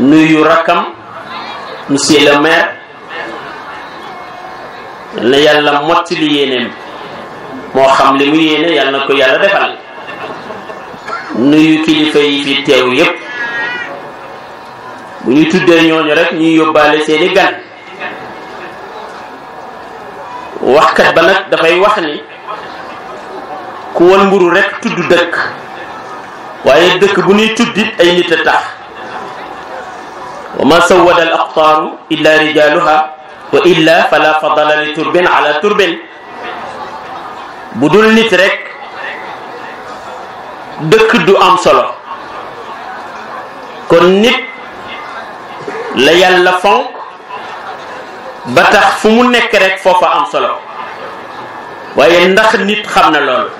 nuyu rakkam monsieur le maire yal na yàlla mottali yéeneem moo xam li mu yéene yal na ko yàlla defal nuyu kilifa yi fi teew yépp bu ñu tuddee ñooñu rek ñuy yóbbaale seeni gan waxkat ba nag dafay wax ni ku won mburu rek tudd dëkk waaye dëkk bu ñuy tuddit ay nit a tax wa ma sawada al aqtaaru illa rijaluha wa illa fala fadala li turbin ala turbin bu dul nit rek dëkk du am solo kon nit la yàlla fonk ba tax fu mu nekk rek foofa am solo waaye ndax nit xam na loolu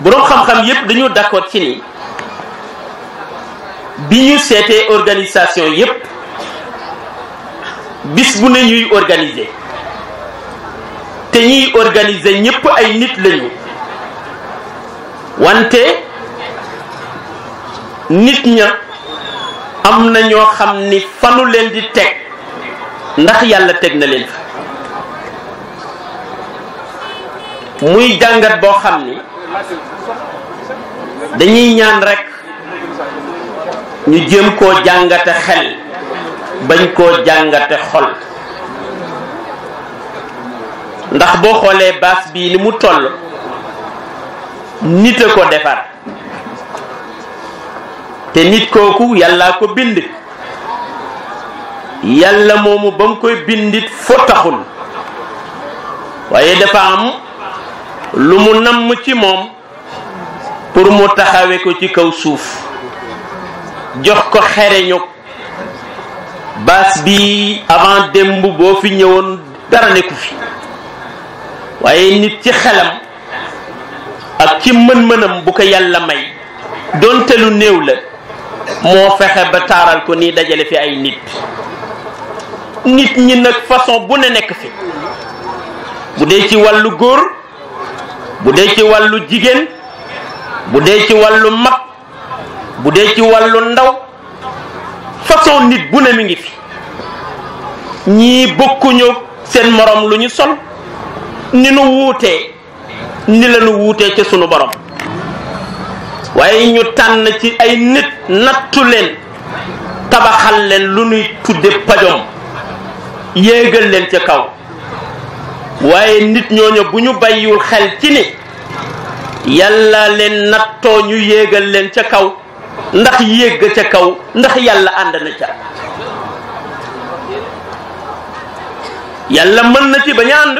boroom xam-xam yépp dañu d'accord ci ni bi ñu seetee organisation yépp bis bu ne ñuy organiser te ñiy organiser ñëpp ay nit lañu wante nit ña am na ñoo xam ni fanu leen di teg ndax yàlla teg na leen fa muy jàngat boo xam ni dañuy ñaan rekk ñu jéem koo jàngate xel bañ koo jàngate xol ndax boo xoolee baas bii li mu toll nit a ko defar te nit kooku yàllaa ko bind yàlla moomu ba mu koy bindit fo taxul waaye dafa am lu mu namm ci moom pour mu taxawe ko ci kaw suuf jox ko xereñu baas bi avant démb boo fi ñëwoon dara nekku fi waaye nit ci xelam ak ci mën-mënam bu ko yàlla may donte lu néew la moo fexe ba taaral ko nii dajale fi ay nit nit ñi nag façon bu ne nekk fi bu dee ci wàllu góor bu dee ci wàllu jigéen bu dee ci wàllu mag bu dee ci wàllu ndaw façon nit bu ne mi ngi fi ñii bokkuñu seen morom lu ñu sol ni nu wuutee ni la nu wuutee ca sunu borom waaye ñu tànn ci ay nit nattu leen tabaxal leen lu nuy tudde pajom yéegal leen ca kaw waaye nit ñooñu bu ñu bàyyiwul xel ci ni yàlla leen nattoo ñu yéegal leen ca kaw ndax yéeg ca kaw ndax yàlla ànd na ca yàlla mën na ci bañ a ànd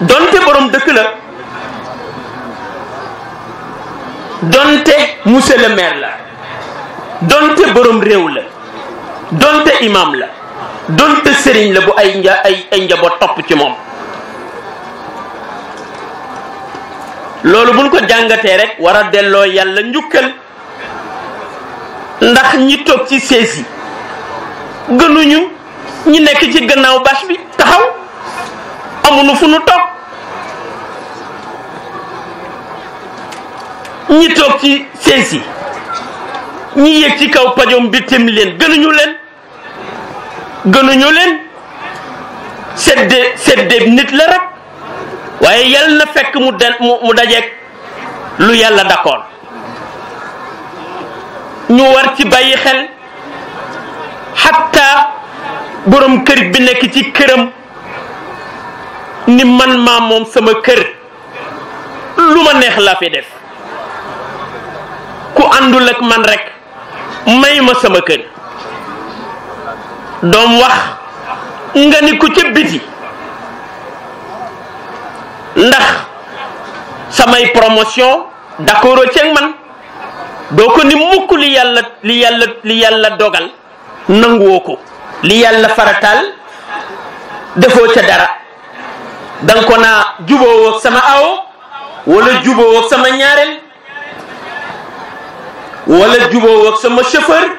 donte borom dëkk la donte monsieur le la donte boroom réew la donte imam la donte sëriñ la bu ay nja ay ay topp ci moom loolu buñ ko jàngatee rek war a delloo yàlla njukkal ndax ñi toog ci sees yi gënuñu ñi nekk ci gannaaw bâche bi taxaw amuñu fu nu toog ñi toog ci sees yi ñi yéeg ci kaw pajom bi tim leen gënuñu leen gënuñu leen sedde sedde nit la rek waaye yàlla na fekk mu da mu dajeeg lu yàlla d'accord ñu war ci bàyyi xel xatta boroom kër bi nekk ci këram ni man maa moom sama kër lu ma neex laa fi def ku àndul ak man rekk may ma sama kër doom wax nga ni ku ca biti ndax samay promotion d'accord ceeg man doo ko ni mukk li yàlla li yàlla li yàlla dogal nanguwoo ko li yàlla farataal defoo ca dara danga ko naa juboo sama awo wala juboo sama ñaareel wala jubóo ak sama chauffeur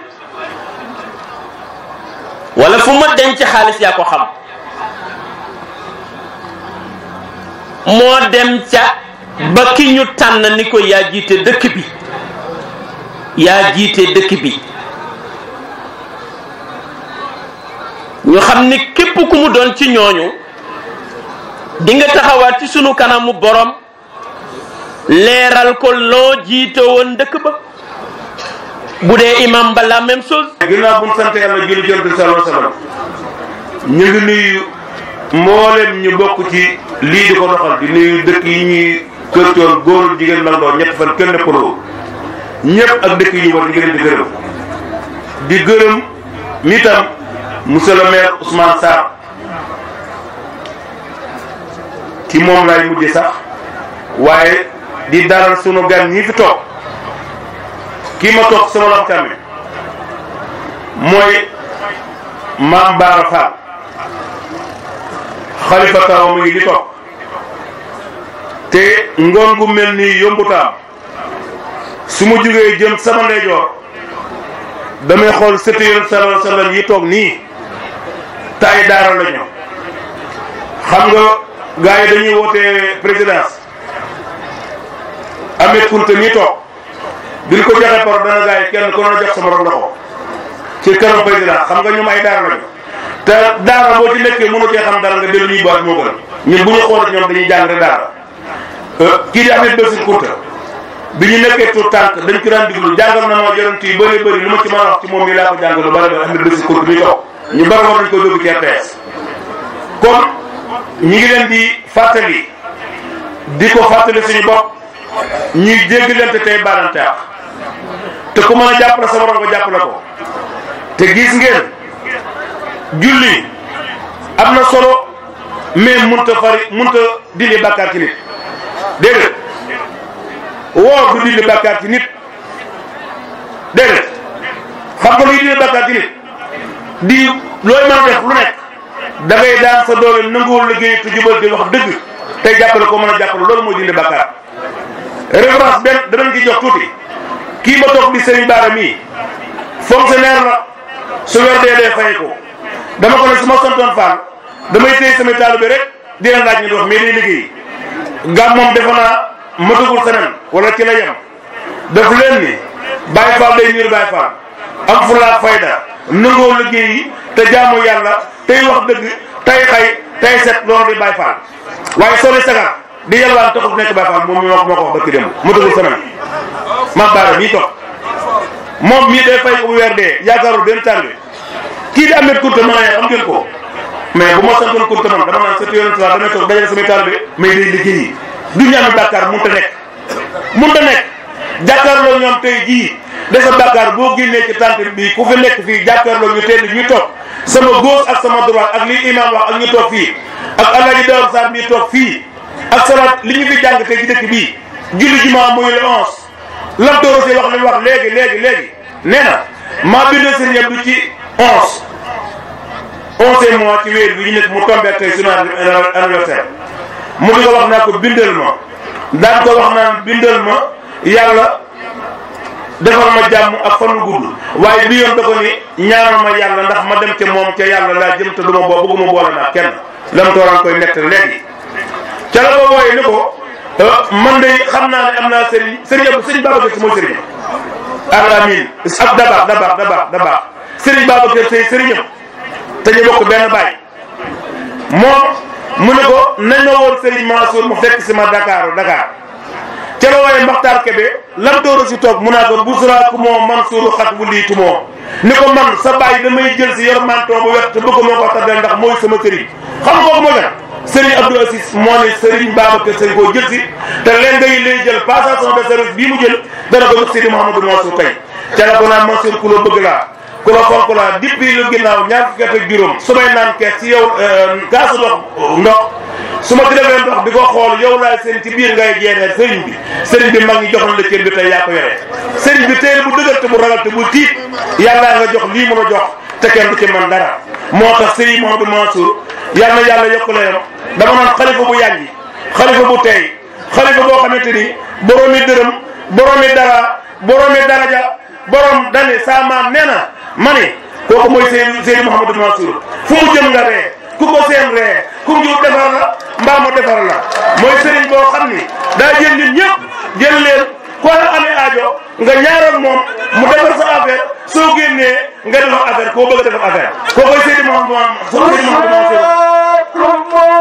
wala fu ma denc xaalis yaa ko xam moo dem ca ba ki ñu tànn ni ko yaa jiite dëkk bi yaa jiite dëkk bi ñu xam ni képp ku mu doon ci ñooñu dinga taxawaat ci sunu kanamu boroom leeral ko loo jiite woon dëkk ba budé imam ba la même chose. gina bu sante yalla yàlla julli sallallahu alayhi wasallam ñu ngi nuyu mboolem ñu bokk ci li di ko doxal di nuyu dëkk yi ñi kër goor góor la do ñet ñett fan kenn pour ñëpp ak dëkk yi war di gërëm di gërëm di gërëm nitam monsieur le maire Ousmane Sarr ki mom lay mujjé sax waye di daral suñu gan ñi fi tok kii ma toog sama loxo càmmi mooy maam Baara Fall xalifa taw mi ngi di toog te ngoon gu mel ni yombutaam su ma jógee jëm sama ndeyjoor damay xool sëti yoon sallallahu alayhi yi toog nii te daara la ñëw xam nga gars yi dañuy woote présidence Ahmed Kounta mi toog. biñ ko joxee par dana gars yi kenn ku ne jox sa morom loxo ci keroog bay dina xam nga ñoom ay daara lañu te daara boo ci nekkee mënu cee xam dara nga jël ñuy baat moo gën ñun bu ñu xool ak ñoom dañuy jàng rek daara euh, kii di Ahmed Basiir Kounta bi ñu nekkee tout tànk dañ ko daan diglu jàngal na ma yonent yi bëri bëri lu ma ci mën a wax ci moom yi laa ko jàngal lu bëri ba Ahmed Basiir Kounta mi toog ñu bëri war nañ ko yóbbu ci RTS kon ñu ngi leen di fàttali di ko fàttali suñu bopp ñuy jéggalante tey baalante ak te ku mën a jàppale sa morom nga jàppale ko te gis ngeen julli am na solo mais munta fari munta dindi bàkkaar ci nit déedéet woor du dindi bàkkaar ci nit déedéet xam nga luy dindi bàkkaar ci nit di looy mën a def lu nekk da ngay daan sa doole nanguwul liggéey te jubal di wax dëgg tey jàppale ko mën a jàppale loolu mooy dindi bàkkaar référence benn danañ ci jox tuuti kii ma toog di sëriñ Baara mii fonctionnaire la su weer dee dee ko dama ko ne su ma santoon damay damay téye sama bi rek dina laaj ñu dox mais day liggéey gàmm moom defe naa matagul semaine wala ci la yem daf leen ni Baye Fall day niir Baye Fall am fulaak fayda nangoo liggéeyi te jaamu yàlla tey wax dëgg tey xay tey set loolu di Baye waaye soo di di yalwaan taxut nekk Baay Faal moom mi moo ko wax bëkk dem mu dugg semaine ma moom mii day fay ko bu weer dee kii di amet kurta mën a xam ngeen ko mais bu ma santoon kurta man dama naan sëtu yoon sala damay toog dajal samay taalibe mais day liggéeyi du ñu am bàkkaar mënut a nekk mënut tey jii de sa boo génnee ci tànt bi ku fi nekk fii jàkkaarloo ñu teel ñu toog sama gauche ak sama droite ak li imam wax ak ñi toog fii ak alaaji Dawar Sarr mii toog fii ak salaat li ñu fi jàng tey ci dëkk bii julli jumaa muy le onze lam si wax li wax léegi léegi léegi nee na maa bindal sëriñ Abdou ci onze onze mois ci weer bi ñu nekk mu tombé tey sunu anniversaire mu di ko wax naa ko bindal ma daan ko wax naan bindal ma yàlla defal ma jàmm ak fan wu gudd waaye bi yoon da ko ni ñaanal ma yàlla ndax ma dem ca moom ca yàlla laa jëm te duma boo bëgguma boole naa kenn lam tooran koy nett léegi ca la ko wooyee eh, ko man de xam naa ne am naa sëriñ sëriñ ab sëriñ Babacar si mooy sëriñ alamin ab dabaax dabaax dabaax dabaax sëriñ Babacar tey sëriñam te ñu bokk benn baay moom mu ne ko nañ ma woon sëriñ Mansour mu fekk si ma Dakar Dakar ca la waaye Maxtaar Kebe lam doora si toog mu naa ko busuraku moo Mansuuru xat wu liitu moo ni ko man sa bàyyi damay jël si yor bu wet te moo ko tardel ndax mooy sama sëriñ xam kooku moo len Sëriñ Abdou Assis moo ne Sëriñ Babacar Sëriñ koo jël te leen day lay jël passation de service bii mu jël dana ko wut Sëriñ Mouhamadou Mansour kay ca ko naan Mansour ku bëgg laa ku la fonk laa dippi lu ginnaaw ñaar fukki at ak juróom su may naan kees ci yow kaasu euh, ndox ndox su ma ci defee ndox di ko xool yow laay seen ci biir ngay jeenee sëriñ bi sëriñ bi mag ñi jox la cër bi tey yaa ko yore sëriñ bi teel bu dëgër te bu ragal te bu tiit yàllaa nga jox lii mun a jox te kenn du ci man dara moo tax sëriñ Mouhamadou Mansour yal na yàlla yokk leeram dama naan xalifa bu yàgg xalifa bu tey xalifa boo xamante ni boroomi dërëm boroomi dara boroomi daraja borom dane saa maam nee na ma ne kooku mooy Seydou Seydou Mouhamadou Mansour fu mu jëm nga ree ku ko seen ree ku mu jur defar la mbaa mu defar la mooy sëriñ boo xam ni daa jël nit jël leen ko amee aajo nga ñaaroon moom mu defar sa affaire soo génnee nga defar affaire koo bëgg a defar affaire kooku Seydou Mouhamadou Mansour Seydou Mouhamadou Mansour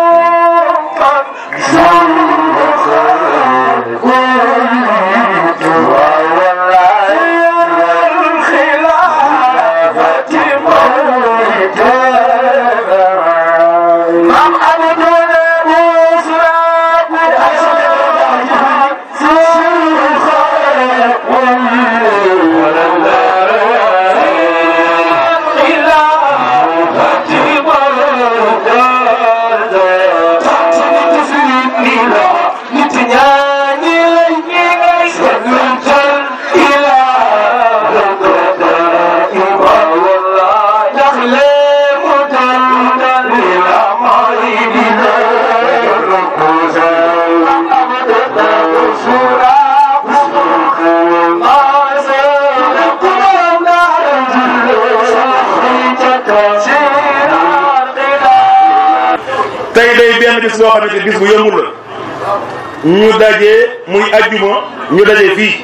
dajee muy ajjuma ñu dajee fii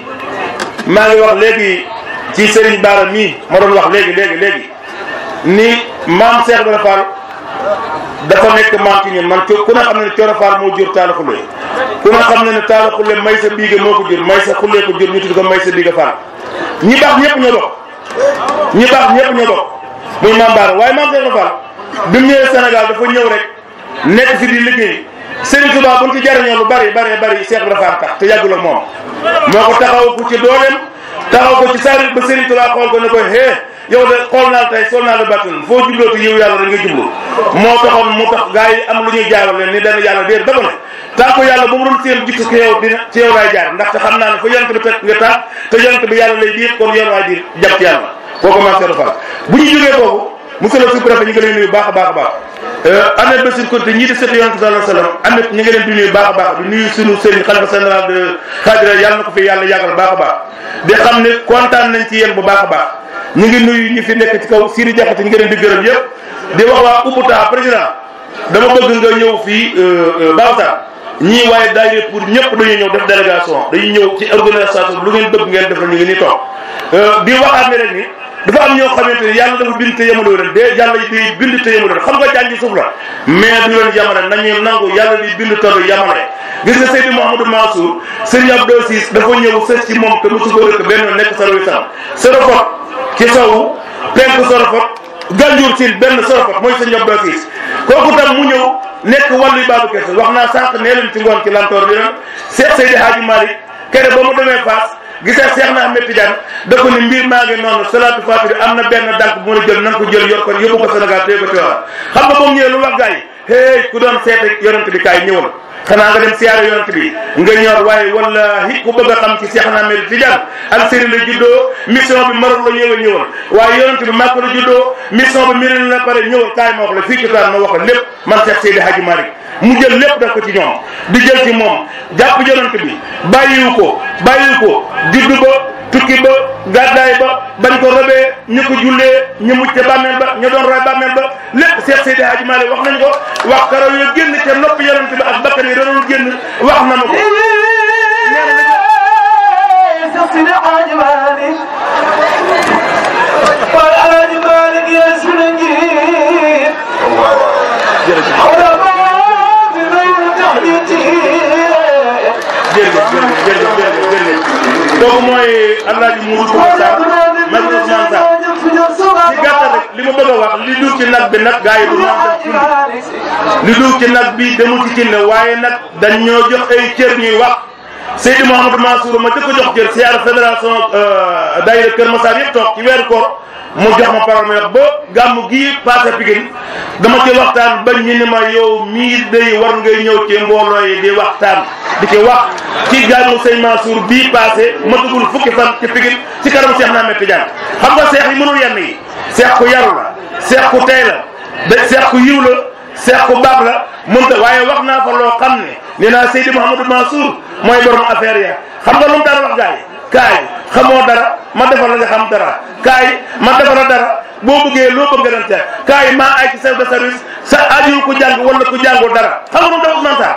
maa ngi wax léegi ci Serigne Bara mii ma doon wax léegi léegi léegi ni maam Cheikh Ibra Fall dafa nekk maam ci ñun man ku ne xam ne ne Coro Fall moo jur Talla Khoule ku ne xam ne ne Talla Khoule may sa biige moo ko jur may sa xulee ko jur ñu tudd ko may sa biige Fall ñi baax ñëpp ñoo bokk ñi baax ñëpp ñoo bokk muy maam Bara waaye maam Cheikh Ibra Fall bi mu ñëwee Sénégal dafa ñëw rek nekk fi di liggéey Serigne Touba buñ ci jariñoo lu bari bari bari Cheikh Ibra Fall te yàggul moom moo ko taxaw ko ci dooleem taxaw ko ci saarit ba Serigne Touba xool ko ne ko hee yow de xool naa la tey sol naa la battin foo jublooti yiw yàlla rek nga jublu moo taxoon mu tax gars yi am lu ñuy jaaral leen ni dana yàlla déer dama ne tànku yàlla bu mu doon séen jikko ci yow dina ci yow laay jaar ndax te xam naa ne fa yant bi teg nga taat te yant bi yàlla lay diir kon yoon bu ñu jógee boobu monsieur baax baax baax Euh, ana basir konte ñi de setu yonte sallallahu alayhi wasallam ana ñi nga leen di nuyu baax baax di nuyu sunu serigne xalifa général de khadira yalla ko fi yalla yagal baax baax di xam ne kontaan nañ ci yeen bu baax baax ñi ngi nuyu ñi fi nekk ci kaw siri jaxati ñi nga leen di gërëm yépp di wax waa ubuta président dama bëgg nga ñëw fi euh, euh, bawta ñi waye daayé pour ñëpp dañuy ñëw def délégation dañuy ñëw ci organisation lu ngeen bëgg ngeen def ñu ngi ni tok di waxaat rek ni dafa am ñoo xamante ne yàlla dafa bind te yemaloo leen de yàlla day bind te yemaloo leen xam nga jàngi suuf la mais du leen yamale nañu nangu yàlla di bind te yamale gis nga Seydou Mouhamadou Mansour Serigne Abdou Ciss dafa ñëw sës ci moom te mosu ko rëkk benn nekk sarawi tam sorofot ci sowu penku siin benn sorofot mooy Serigne Abdou Ciss kooku tam mu ñëw nekk wàllu baabu kersa wax naa sànq nee leen ci ngoon ci lantoor bi nag seet Seydi Hadji Malick kere ba mu demee Fass gisee Cheikh na Ahmed Tidiane da ni mbir maa ngi noonu salaatu faatiha am na benn dànk bu mën na nga ko jël yor ko yóbbu ko Sénégal téye ko ci xam nga moom ñëwee lu wax hey ku doon seet yonent bi kaay ñëwal xanaa nga dem siyaare yonent nga ñor waaye wallahi ku bëgg a xam ci Cheikh Ahmed Tidiane Algérie la juddoo mission bi Maroc la ñëwee ñëwal waaye yonent bi Makka la juddoo mission bi Médine la pare ñëwal kaay ma wax la fii ci taan ma wax la lépp man Cheikh Seydi Hadji mu jël lépp def ko ci ñoom di jël ci moom jàpp yonent bi ko bàyyiwu ko juddu ba tukki ba gàddaay ba bañ ko robee ñu ko jullee ñu mucc ca bàmmeel ba ñu doon roy bàmmeel ba lépp Seex Seydi Haaji Maalik wax nañ ko wax karaw yu génn ca nopp yonent bi ak bakkan yi doon génn wax nañu ko Seex Seydi Haaji Maalik Alaaji Mourou li ma bëgg a wax li duur ci nag bi nag gars yi du ñu li duur ci bi demul ci kinne waaye nag dañ ñoo jox ay cër ñuy wax Seydou Mouhamadou Mansour ma jëkk a jox cër siyaar fédération euh, daayira Kër Massar yëpp toog ci weeru mu jox ma parole ma yox ba gàmm gii passé Pikine dama ci waxtaan ba ñu ni ma yow mii day war ngay ñëw ci mbooloo yi di waxtaan di ci wax ci gàmmu sëñ Mansour bii passé matugul fukki fan ci Pikine ci kanam Cheikh Ahmed Tidiane xam nga seex yi mënul yenn yi seex ku yaru la seex ku tey la da seex ku yiw la seex ku baax la mënta waaye wax naa fa loo xam ne nee naa Seydi Mouhamadou Mansour mooy borom affaire ya xam nga lu mu daan wax gars yi kaay xamoo dara ma defal la nga xam dara kaay ma defal la dara boo bëggee loo bëgg nga dem ca kaay maa ay ci chef de service sa aji ko jàng wala ko jàngoo dara xam nga moom dafa Ousmane Sarr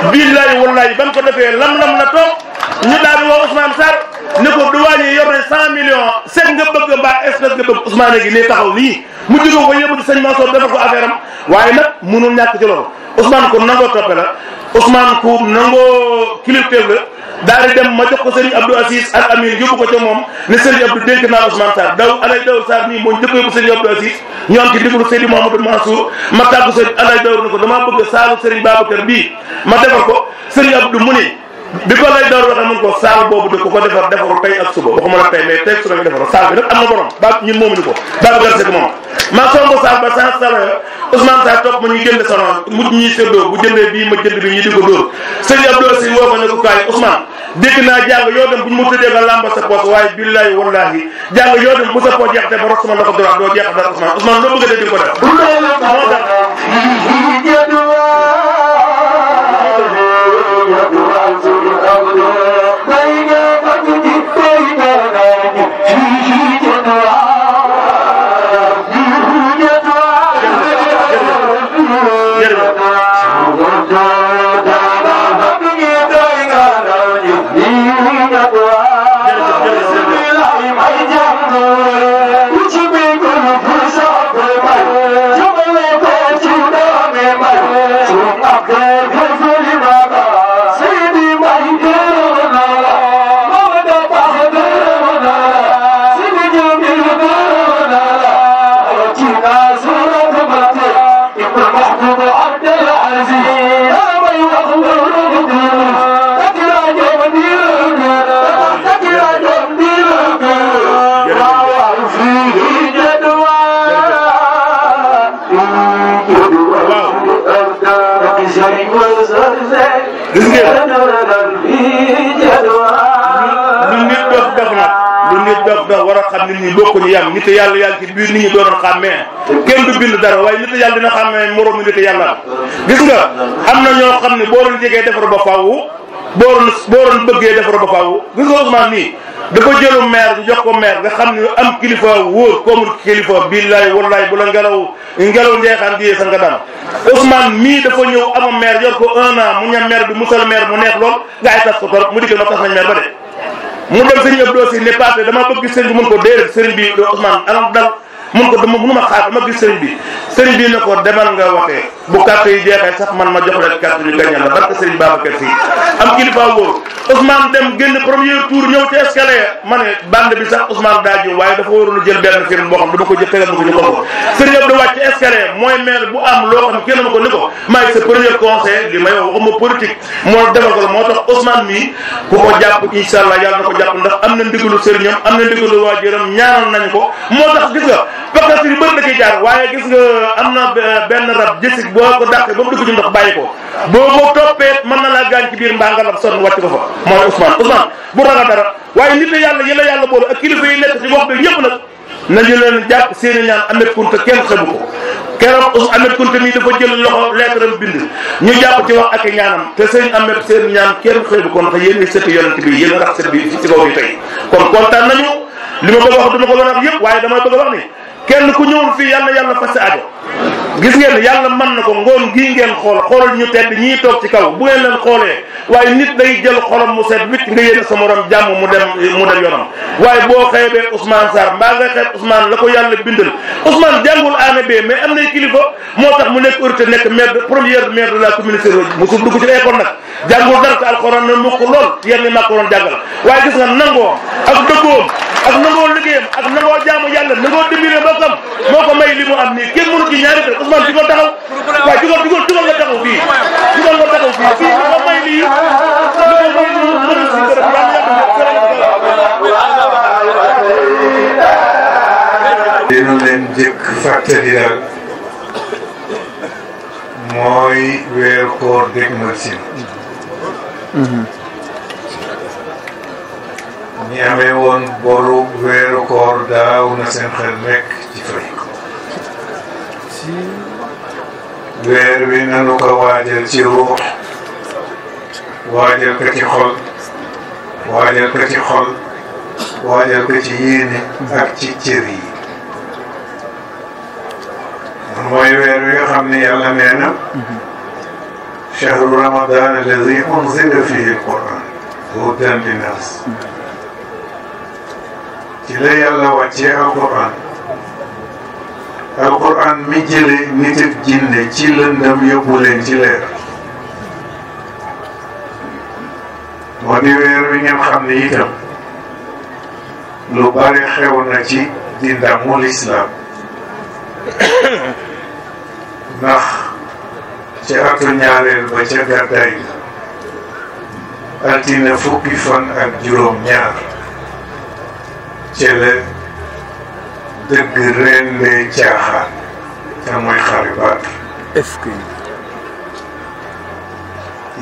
billahi wallahi ban ko defee lam-lam la toog ñu daal di woo Ousmane Sarr ne ko duwaañi yor na cent millions seet nga bëgg mbaa espèce nga bëgg Ousmane gi nii taxaw nii mu jóge ko yóbbu sëñ Mansour dafa ko affaire am waaye nag mënul ñàkk ci loolu Ousmane ko nangoo toppe la Ousmane Koum nangoo kilifteef la daal di dem ma jox ko Serigne Abdou Aziz Al Amin yóbbu ko ca moom ne Serigne Abdou dénk naa Ousmane Sarr daw alay daw Sarr nii moo njëkkee ko Serigne Abdou Aziz ñu am ci ndigalu Seydi Mouhamadou Mansour ma tàggu Serigne alay daw na ko damaa bëgg saalu Serigne Babacar bii ma defal ko Serigne Abdou mu ne bi ko lay door waxee mun ko saal boobu de ko ko defar defaru tey ak suba waxuma la tey mais tey suba nga defaru saal bi nag am na borom ba ñun moomuñu ko baba garse ko moom maa sonko saal ba sans sal Ousmane Sarr ma ñuy jënd bu jëndee bii ma jënd bi ñu di ko dóor sëñ Abdou si woo ma ne ko kaay Ousmane dégg naa jàng bu ñu mu tëddee nga làmba sa poos waaye billahi wallahi jeex dara Ousmane Ousmane loo bëgg a dégg ko def xam ne nit ñi bokkuñu yam nit yàlla yàlla ci biir nit ñi doonoon xàmmee kenn du bind dara waaye nit yàlla dina xàmmee moroomu nit yàlla gis nga am na ñoo xam ne boo jegee defar ba faaw boo doon boo doon bëggee defar ba faaw gis nga Ousmane nii dafa jëlu maire jox ko maire nga xam ne am kilifa wóor koomul kilifa billaay wallaay bu la ngelaw ngelaw njeexaan jiyee sa nga daan Ousmane mii dafa ñëw ama maire yor un an mu ñam maire bi musal maire mu neex lool nga ay tas mu dem sëriñ Abdou Sy ne passé dama bëgg sëriñ bi mun ko déedéet sëriñ bi Ousmane alal dal mun ko dama mënuma gis sëriñ bi sëriñ bi ne ko demal nga watee bu carte yi jeexee sax man ma jox leen carte ñu gañal la nah, barke Serigne kër Sy am kilifa wóor Ousmane dem génn premier tour ñëw ci escalier ma ne bande bi sax Ousmane daajo waaye dafa waroon a jël benn firme boo xam dama ko jël ko ñu ko Serigne Abdou wàcc escalier mooy maire bu am loo xam kenn ma ko ni ko maay sa premier conseil li may wax waxuma politique moo defal ko moo tax Ousmane mii ku ko jàpp incha allah yàlla na ko jàpp ndax am na ndigalu sëriñam am na ndigalu waajuram ñaanal nañ ko moo tax gis nga que yi bëri da koy jaar waaye gis nga am na eh, benn rab jësig boo ko dàqee ba mu dugg ci ndox bàyyi ko boo ko toppee mën na laa gaañ ci mbaa nga lab sonn wàcc ko fa mooy Ousmane Ousmane bu ragal dara waaye nit la yàlla yëla yàlla boolu ak kilifa yi nekk ci wax bi yëpp nag nañu leen jàpp ko wax ak ko ndax yéen ay sëti yonent bi yéen a rax sët bi ci kaw bi tey kon kontaan waaye damay bëgg a wax kenn ku ñëwul fii yàlla yàlla fas sa gis ngeen yàlla mën na ko ngoon gii ngeen xool xoolal ñu tedd ñii toog ci kaw bu ngeen leen xoolee waaye nit day jël xolam mu set wicc nga yéene sa morom jàmm mu dem mu dem yoonam waaye boo xeebee Ousmane Sarr mbaa nga xeeb Ousmane la ko yàlla bindal Ousmane jàngul année bee mais am nay kilifa moo tax mu nekk autorité nekk maire de première maire de la communauté mu suuf dugg ci école nag jàngul dara te alxuraan na mukk lool yenn yi maa ko doon jàngal waaye gis nga nangoo ak dëggoom ak nangoo liggéeyam ak nangoo jaamu yàlla nangoo dimbali mbokkam moo ko may li mu am nii kenn mënu ci ñaari def Ousmane di ko taxaw waaye di ko di ko dugal nga taxaw fii dugal nga taxaw fii fii li ko may lii dina leen jëkk fàttali daal mooy weer koor dégg na si mm-hmm. ñi amee woon boru weeru koor daaw na seen xel nekk ci fay weer wi nanu ko waajal ci ruux waajal ko ci xol waajal ko ci xol waajal ko ci yéene ak ci cër yi man mooy weer wi nga xam ne yàlla nee na chahru ramadan alladi unzila fihi alquran hudan linnas ci la yàlla wàccee alquran alquran mi jële nit ak jinne ci lëndëm yóbbu leen ci leer moo di weer wi ngeen xam ne itam lu bari xew na ci di islaam ndax ci atu ñaareel ba ca gàddaay altine fukki fan ak juróom ñaar ci ya, la dëgg ren lay caaxaan te mooy xaribaat est-ce que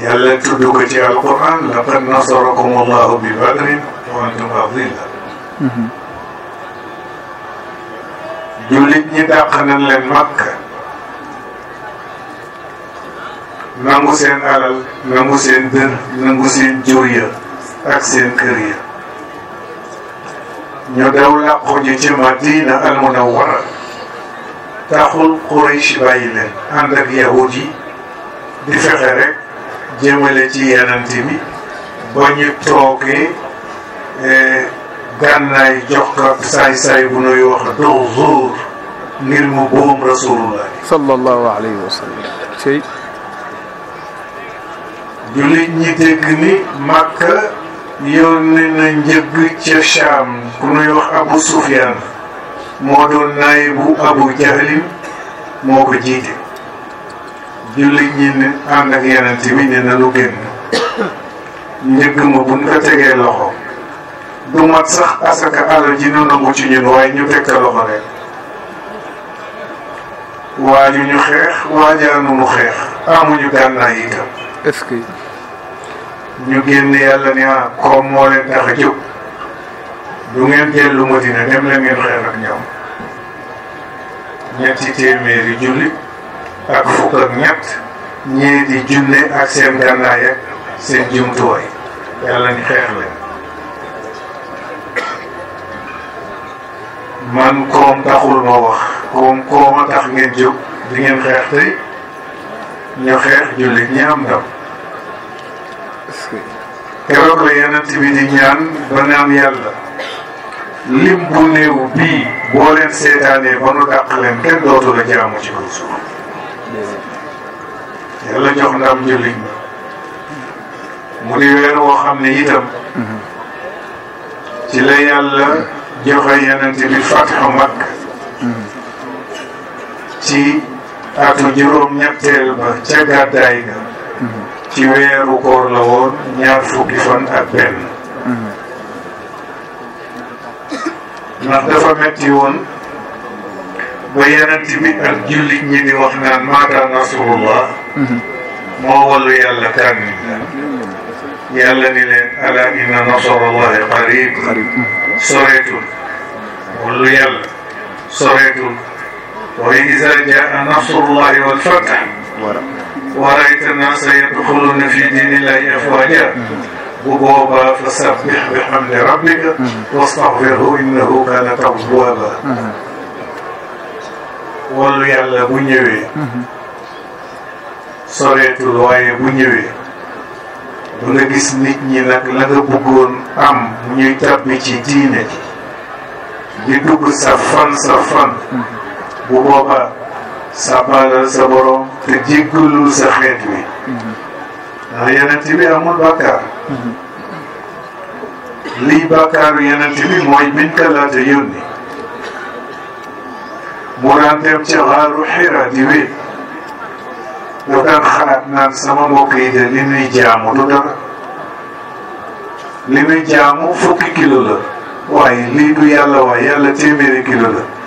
yàlla tudd ko ci alquran laqad nasarakum allahu bi badrin wa antum adilla mhm. jullit ñi dàq nañ leen màkka nangu seen alal nangu seen dër nangu seen jur ak kër ya ñu daw làqu ji ci madina al munawwara taxul Quraysh bàyyi leen ànd ak yahud yi di fexe rek jëmale ci yenante bi ba ñu toogee gànnaay jox ko saay-saay bu nuy wax dox zuur ngir mu boom rasulullah sallallahu alayhi wa sallam jullit ñi dégg ni màkka yónni na njëgg ca Shaam ku nuy wax Abu Sufyaan moo doon naayibu Abu Jahlin moo ko jiite jullit ñi ne ànd ak yenent bi ne na lu génn njëgg ma buñ ko tegee loxo du mat sax asaka alal ji nu nangu ci ñun waaye ñu teg ko loxo rek waaju ñu xeex waajaanu mu xeex amuñu gànnaay itam ñu génn yàlla ne ah comme moo leen tax a jóg du ngeen dellu Madina dem la ngeen xeex ak ñoom ñetti téeméeri julli ak fukk ak ñett ñee di junne ak seen gànnaay ak seen jumtuwaay yàlla ni xeex leen man koom taxul ma wax koom kooma tax ngeen jóg di ngeen xeex tey ñu xeex jullit ñi am ndam keroog la yonent bi di ñaan ba naan yàlla lim bu néew bii boo leen seetaanee ba nu dàq leen kenn dootu la jaamu ci kaw suuf yàlla jox ndam njëliñ mu di weer woo xam ne itam ci la yàlla joxe yonent bi fatxa Makka ci atu juróom ñetteel ba ca gàddaay ga ci weeru koor la woon ñaar fukki fan ak benn ndax dafa metti woon ba yenent bi ak jullit ñi wax naan maata nasrullah moo wallu yàlla kan yàlla ni leen ala inna nasrullahi qarib soreetul wallu yàlla soreetul wa iza jaa nasrullahi wal ورأيت الناس يدخلون في دين الله أفواجا وبوبا فسبح بحمد ربك واستغفره إنه كان توابا wàllu yàlla bu ñëwee soreetul waaye bu ñëwee bu nga gis nit ñi nag la nga bëggoon am ñuy tabbi ci diine di dugg sa fan sa fan bu boobaa sàbbaalal sa borom te jéggalul sa xeet wi ndax yenent bi amul bàkkaar lii bàkkaaru yenent bi mooy biñ ko laata yónni mu daan dem naan sama mbokk yi de li nuy jaamu du dara li nuy jaamu fukki kilo la waaye lii du yàlla waaye yàlla téeméeri kilo la